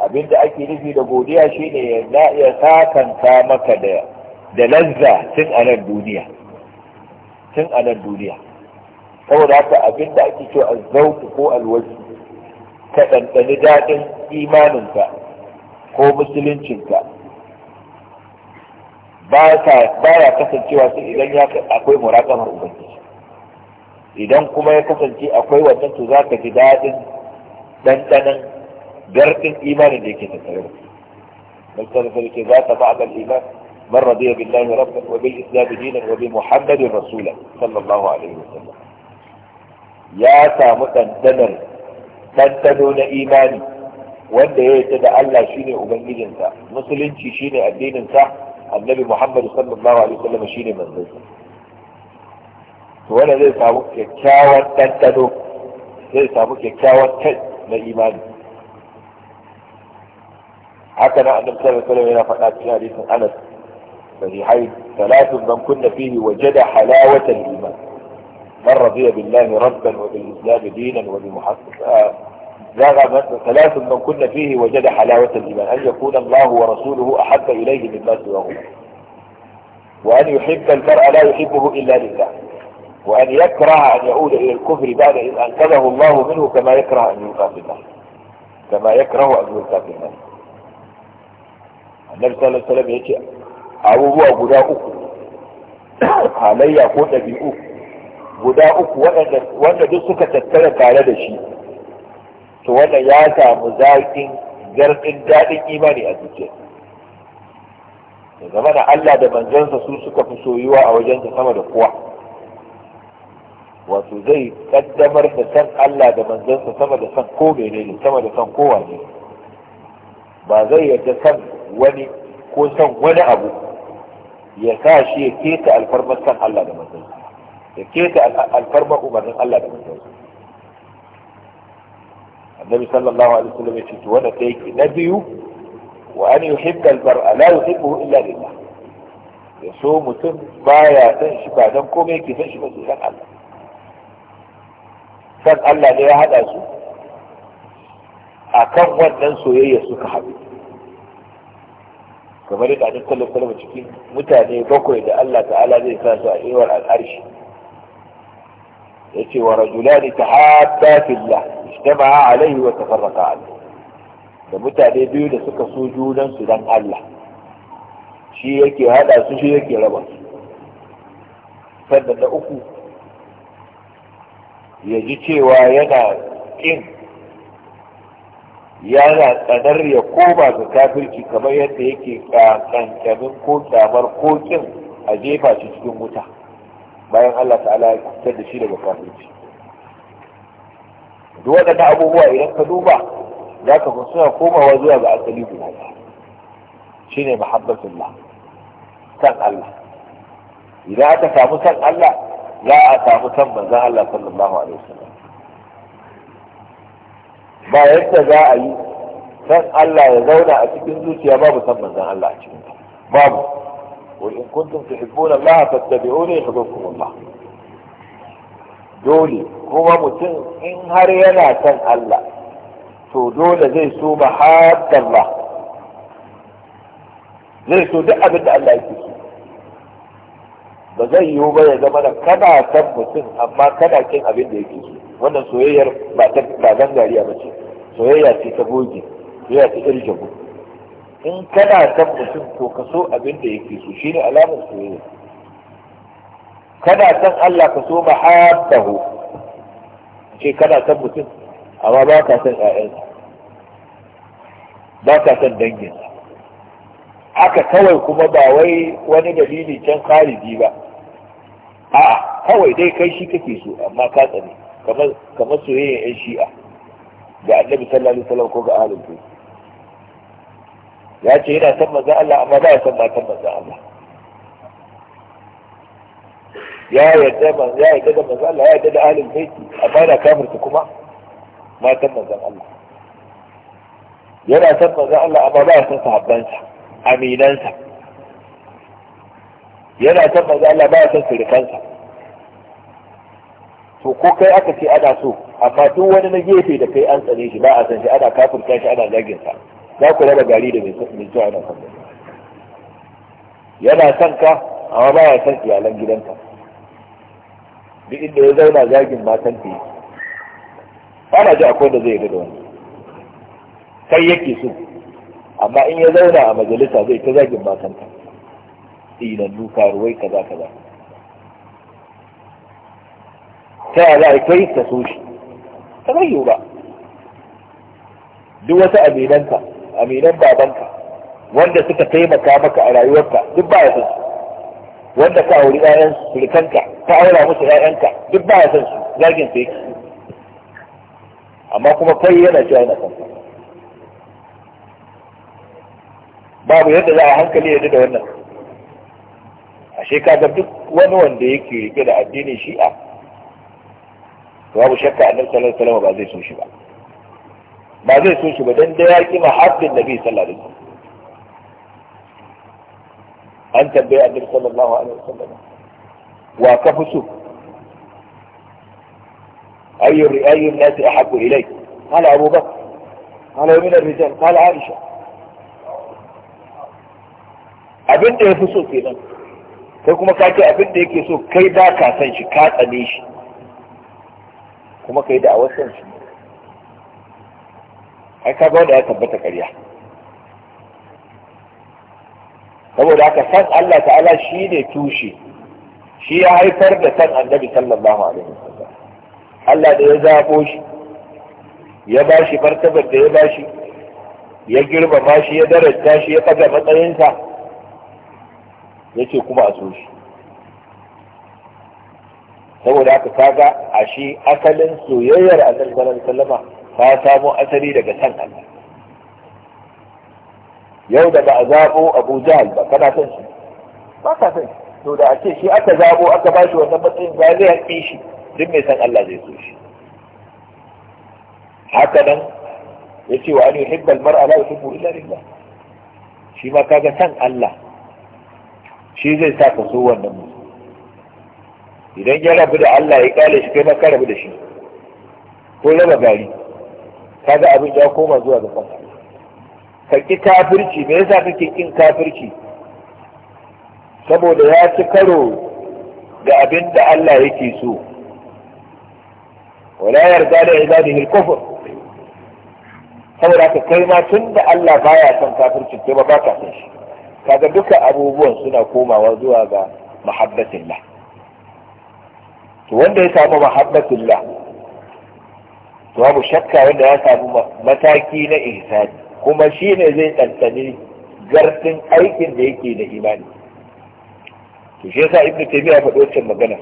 abinda ake nufi da godiya shine ya ya sakanta maka da lazza tun a nan duniya tun a nan duniya saboda haka abinda ake a azzauku ko alwaji ka ɗanɗani daɗin imaninka ko musuluncinka ba ya kasancewa sai idan ya akwai muraƙamar ubangiji idan kuma ya kasance akwai wannan to za ka ji daɗin ɗanɗanon garɗin imanin da yake tattare da bal sarrafa yake za ta ba'ad al-iman man radiya billahi rabban wa bil islam dinan wa bi muhammadin rasula sallallahu alaihi wa sallam ya samu ɗanɗanar ɗanɗano na imani wanda ya yarda da Allah shine ubangijinsa musulunci shine addininsa النبي محمد صلى الله عليه وسلم شين من ذلك ولا زي صابوك كاوة تنتدو زي صابوك كاوة تل من إيمان حتى نعلم صلى الله عليه وسلم هنا فقط في حديث أنس فهي حي ثلاث من كنا فيه وجد حلاوة الإيمان من رضي بالله ربا وبالإسلام دينا وبمحمد آه. رغبا ثلاث من كنا فيه وجد حلاوة الإيمان أن يكون الله ورسوله أحب إليه مما سواهما وأن يحب المرء لا يحبه إلا لله وأن يكره أن يعود إلى الكفر بعد إن أنقذه الله منه كما يكره أن يلقى في النار كما يكره أن يلقى في النار النبي صلى الله عليه وسلم يقول أعوذ guda uku halayya ko ɗabi'u guda uku wanda duk وأن tattara تتلك على shi to wannan ya samu zaƙin garɗin daɗin imani a zuciya da zama na Allah da manzansa su suka fi soyuwa a wajensa sama da kowa wato zai kaddamar da san Allah da manzansa sama da san ko menene sama da san kowa ne ba zai yarda san wani ko san wani abu ya sa shi ya keta alfarmar san Allah da manzansa ya keta alfarmar umarnin Allah da manzansa nabi sallallahu alaihi wasallam ya ce to wanda na biyu wa an yuhibba al-bar'a la yuhibbuhu illa lillah ya so mutum baya san shi ba dan komai yake san shi ba sai Allah san Allah ne ya haɗa su akan wannan soyayya suka haɗu kamar yadda annabi sallallahu alaihi mutane bakwai da Allah ta'ala zai sa su a iwar al'arshi yace wa ijtama'a alaihi wa tafarraqa da mutane biyu da suka so junan su dan Allah shi yake hada su shi yake raba su sannan na uku ya ji cewa yana kin yana tsanar ya koma ga kafirci kamar yadda yake kankanin ko kyamar ko a jefa shi cikin wuta bayan Allah ta'ala ya kusa da shi daga kafirci duk waɗannan abubuwa idan ka duba za ka fi suna komawa zuwa ga asali guda ɗaya shi ne mahabbatullah san Allah idan aka samu san Allah za a samu san manzan Allah sallallahu alaihi wasallam ba yadda za a yi san Allah ya zauna a cikin zuciya babu san manzan Allah a cikin babu wa in kuntum tuhibbuna Allah fattabi'uni yuhibbukum Allah dole kuma mutum in har yana son Allah to dole zai so mahaddallah zai so duk abin da Allah yake so ba zai yiwu ba ya zama da kana san mutum amma kana kin abin da yake so wannan soyayyar ba ta ba gangariya ba ce soyayya ce ta goge soyayya ce ta irjabu in kana san mutum to ka so abin da yake so shine alamar soyayya kana san Allah ka so mahabbahu ce kana san mutum amma ba ka san ƴaƴansa ba ka san danginsa haka kawai kuma ba wai wani dalili can kharibi ba a kawai dai kai shi kake so amma ka tsane kamar soyayya ƴan shi'a ga annabi sallallahu alaihi wasallam ko ga ahlul bayt ya ce yana san manzo Allah amma ba ya san matan manzo Allah ya yarda ya yarda da manzon Allah ya yarda da ahlul baiti amma yana kafirta kuma matan manzon Allah yana san manzon Allah amma ba ya san sahabbansa aminansa yana san manzon Allah ba ya san sirikansa to ko kai aka ce ana so amma duk wani na gefe da kai an tsane shi ba a san shi ana kafirta shi ana zagin sa za ku raba gari da mai zuwa nan kan yana son ka amma ba ya san iyalan gidanka duk inda ya zauna zagin matan ta yi, ana ji akwai da zai yi da wani kai yake so amma in ya zauna a majalisa zai ta zagin matan ta tsinannu karuwai kaza kaza ta yaya za a kai ka so shi ta zai yiwu ba duk wata aminanka aminan babanka wanda suka taimaka maka a rayuwarka duk ba ya san su wanda ka auri ƴaƴan surukanka ka aura musu ƴaƴanka duk ba ya san su zagin su yake amma kuma kai yana cewa yana san babu yadda za a hankali yadda da wannan ashe ka ga duk wani wanda yake rike da addinin shi'a babu shakka annabi sallallahu alaihi ba zai so shi ba ba zai so shi ba dan da ya ki mahabbin nabi sallallahu alaihi wasallam an tambaye annabi sallallahu alaihi wasallam wa ka fi so ayyun nasi ahabu ilayk qala abu bakr qala min ar-rijal qala aisha abin da yafi so kenan kai kuma ka ce abin da yake so kai ba ka san shi ka tsane shi kuma kai da awasan shi ai ka ga wanda ya tabbata ƙarya saboda haka san Allah ta'ala shi ne tushe shi ya haifar da san annabi sallallahu alaihi wasallam Allah da ya zabo shi ya ba shi martabar da ya ba shi ya girmama shi ya daraja shi ya faga matsayinsa ya ce kuma a so shi saboda haka kaga a shi asalin soyayyar annabi sallallahu alaihi wasallama ta samo asali daga san Allah yau da ba a zaɓo abu jahal ba kana son shi ba ka son shi to da a ce shi aka zaɓo aka ba shi wannan matsayin ba zai haƙi shi duk mai san Allah zai so shi haka nan ya ce wa an yi hibbal mar'a la yuhibbu illa lillah shi ma kaga san Allah shi zai sa ka so wannan mutum idan ya rabu da Allah ya kale shi kai ma ka rabu da shi ko raba gari kaga abin ya koma zuwa ga kanka ka ƙi kafirci me yasa kake ƙin kafirci saboda ya ci karo ga abin da Allah yake so wala yarda da ibadihi al-kufr saboda ka kai ma tun da Allah baya son kafircin kai ba baka san shi kaga duka abubuwan suna komawa zuwa ga mahabbatillah to wanda ya samu mahabbatillah to babu shakka wanda ya samu mataki na ihsani kuma shi ne zai ɗanɗane gartin aikin da yake da imani to shi yasa ibnu ya faɗo wannan magana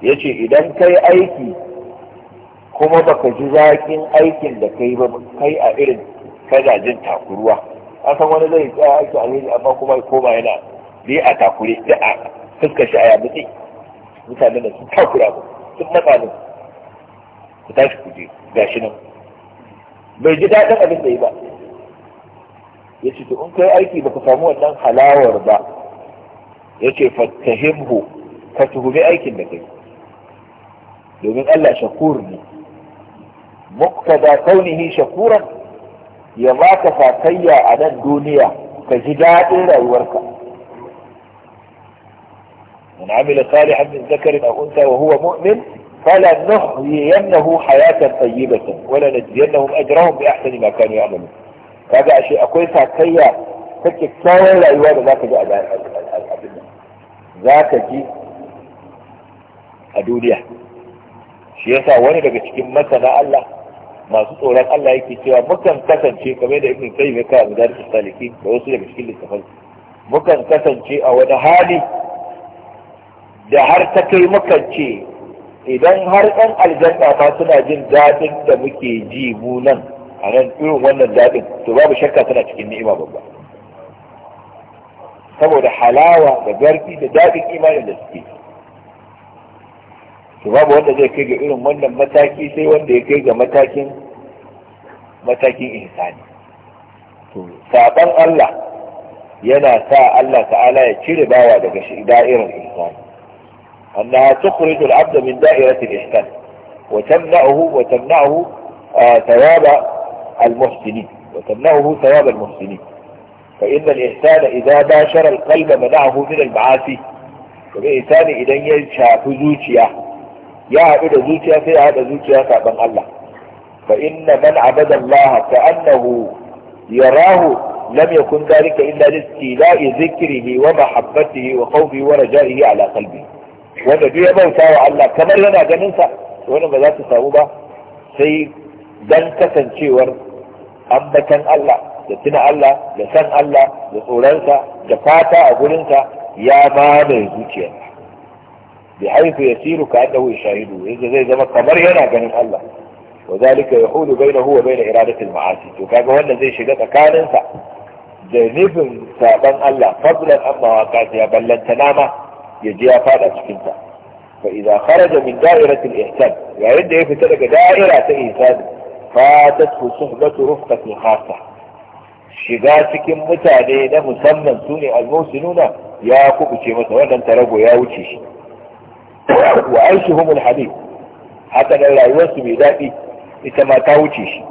ce idan kai aiki kuma baka ji zaƙin aikin da kai ba kai a irin kajajin jin takuruwa an san wani zai tsaya aiki alheri amma kuma koma yana bi a takure da a fuskar shi a yamutse mutanen da sun takura ba sun matsa ku tashi ku je gashi nan bai ji daɗin abin da yi ba ya ce to in kai aiki baka samu wannan halawar ba ya ce fattahimhu ka tuhumi aikin da kai domin Allah shakur ne muktada kaunihi shakuran ya baka fatayya a nan duniya ka ji daɗin rayuwarka من عمل صالحا من ذكر او انثى وهو مؤمن فلا نحيينه حياة طيبة ولا نجزينهم أجرهم بأحسن ما كانوا يعملون هذا شيء أقول ساكية تكتاوى لا يوجد ذاك جاء ذاك جي أدوليا shi yasa wani daga cikin masana Allah masu tsoron Allah yake cewa mukan kasance kamar da ibn Qayyim ya kawo da salikin da wasu daga cikin littafan mukan kasance a wani hali da har ta kai mukan ce idan har ɗan aljanna fa suna jin daɗin da muke ji mu nan a nan irin wannan daɗin to babu shakka suna cikin ni'ima babba saboda halawa da garfi da daɗin imanin da suke to babu wanda zai kai ga irin wannan mataki sai wanda ya kai ga matakin matakin insani to saban Allah yana sa Allah ta'ala ya cire bawa daga shi da'irar insani انها تخرج العبد من دائرة الاحسان وتمنعه وتمنعه آه، ثواب المحسنين وتمنعه ثواب المحسنين فان الاحسان اذا باشر القلب منعه من المعاصي والانسان اذا يشاف زوجيا يا عبد زوجيا في هذا زوجيا كابن الله فان من عبد الله كانه يراه لم يكن ذلك الا لاستيلاء ذكره ومحبته وخوفه ورجائه على قلبه wanda duk ya bauta wa Allah kamar yana ganin sa baza ba za samu ba sai dan kasancewar ambatan Allah da tuna Allah da san Allah da tsoronsa da fata a gurinsa ya mamaye zuciya bi haifu yasiru ka annahu yashahidu yanzu zai zama kamar yana ganin Allah wa zalika yahulu bainahu wa bain iradati al-ma'asi to kaga wannan zai shiga tsakaninsa da nufin saban Allah fadlan amma wa ya ballanta nama ya je ya fada cikin ta fa idza kharaja min da'iratil ihsan yayin da ya fita daga da'ira ta ihsan fatatu suhbatu rufqatil khassa shiga cikin mutane na musamman sune al Nuna ya kubuce masa wannan tarago ya wuce shi wa aishuhum al-hadid haka nan rayuwarsu mai daɗi ita ma ta wuce shi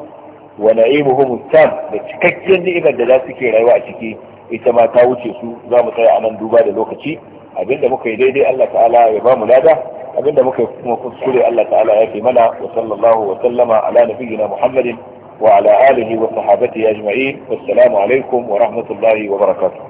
wa na'imuhum tam da cikakken ni'imar da za su rayuwa a ciki ita ma wuce su za mu tsaya a nan duba da lokaci abinda muka yi daidai Allah ta'ala ya ba mu lada abinda muka kuma kuskure Allah ta'ala ya fi mana wa sallallahu wa sallama ala nabiyyina Muhammadin wa ala alihi wa sahabati ajma'in wassalamu alaikum wa rahmatullahi wa barakatuh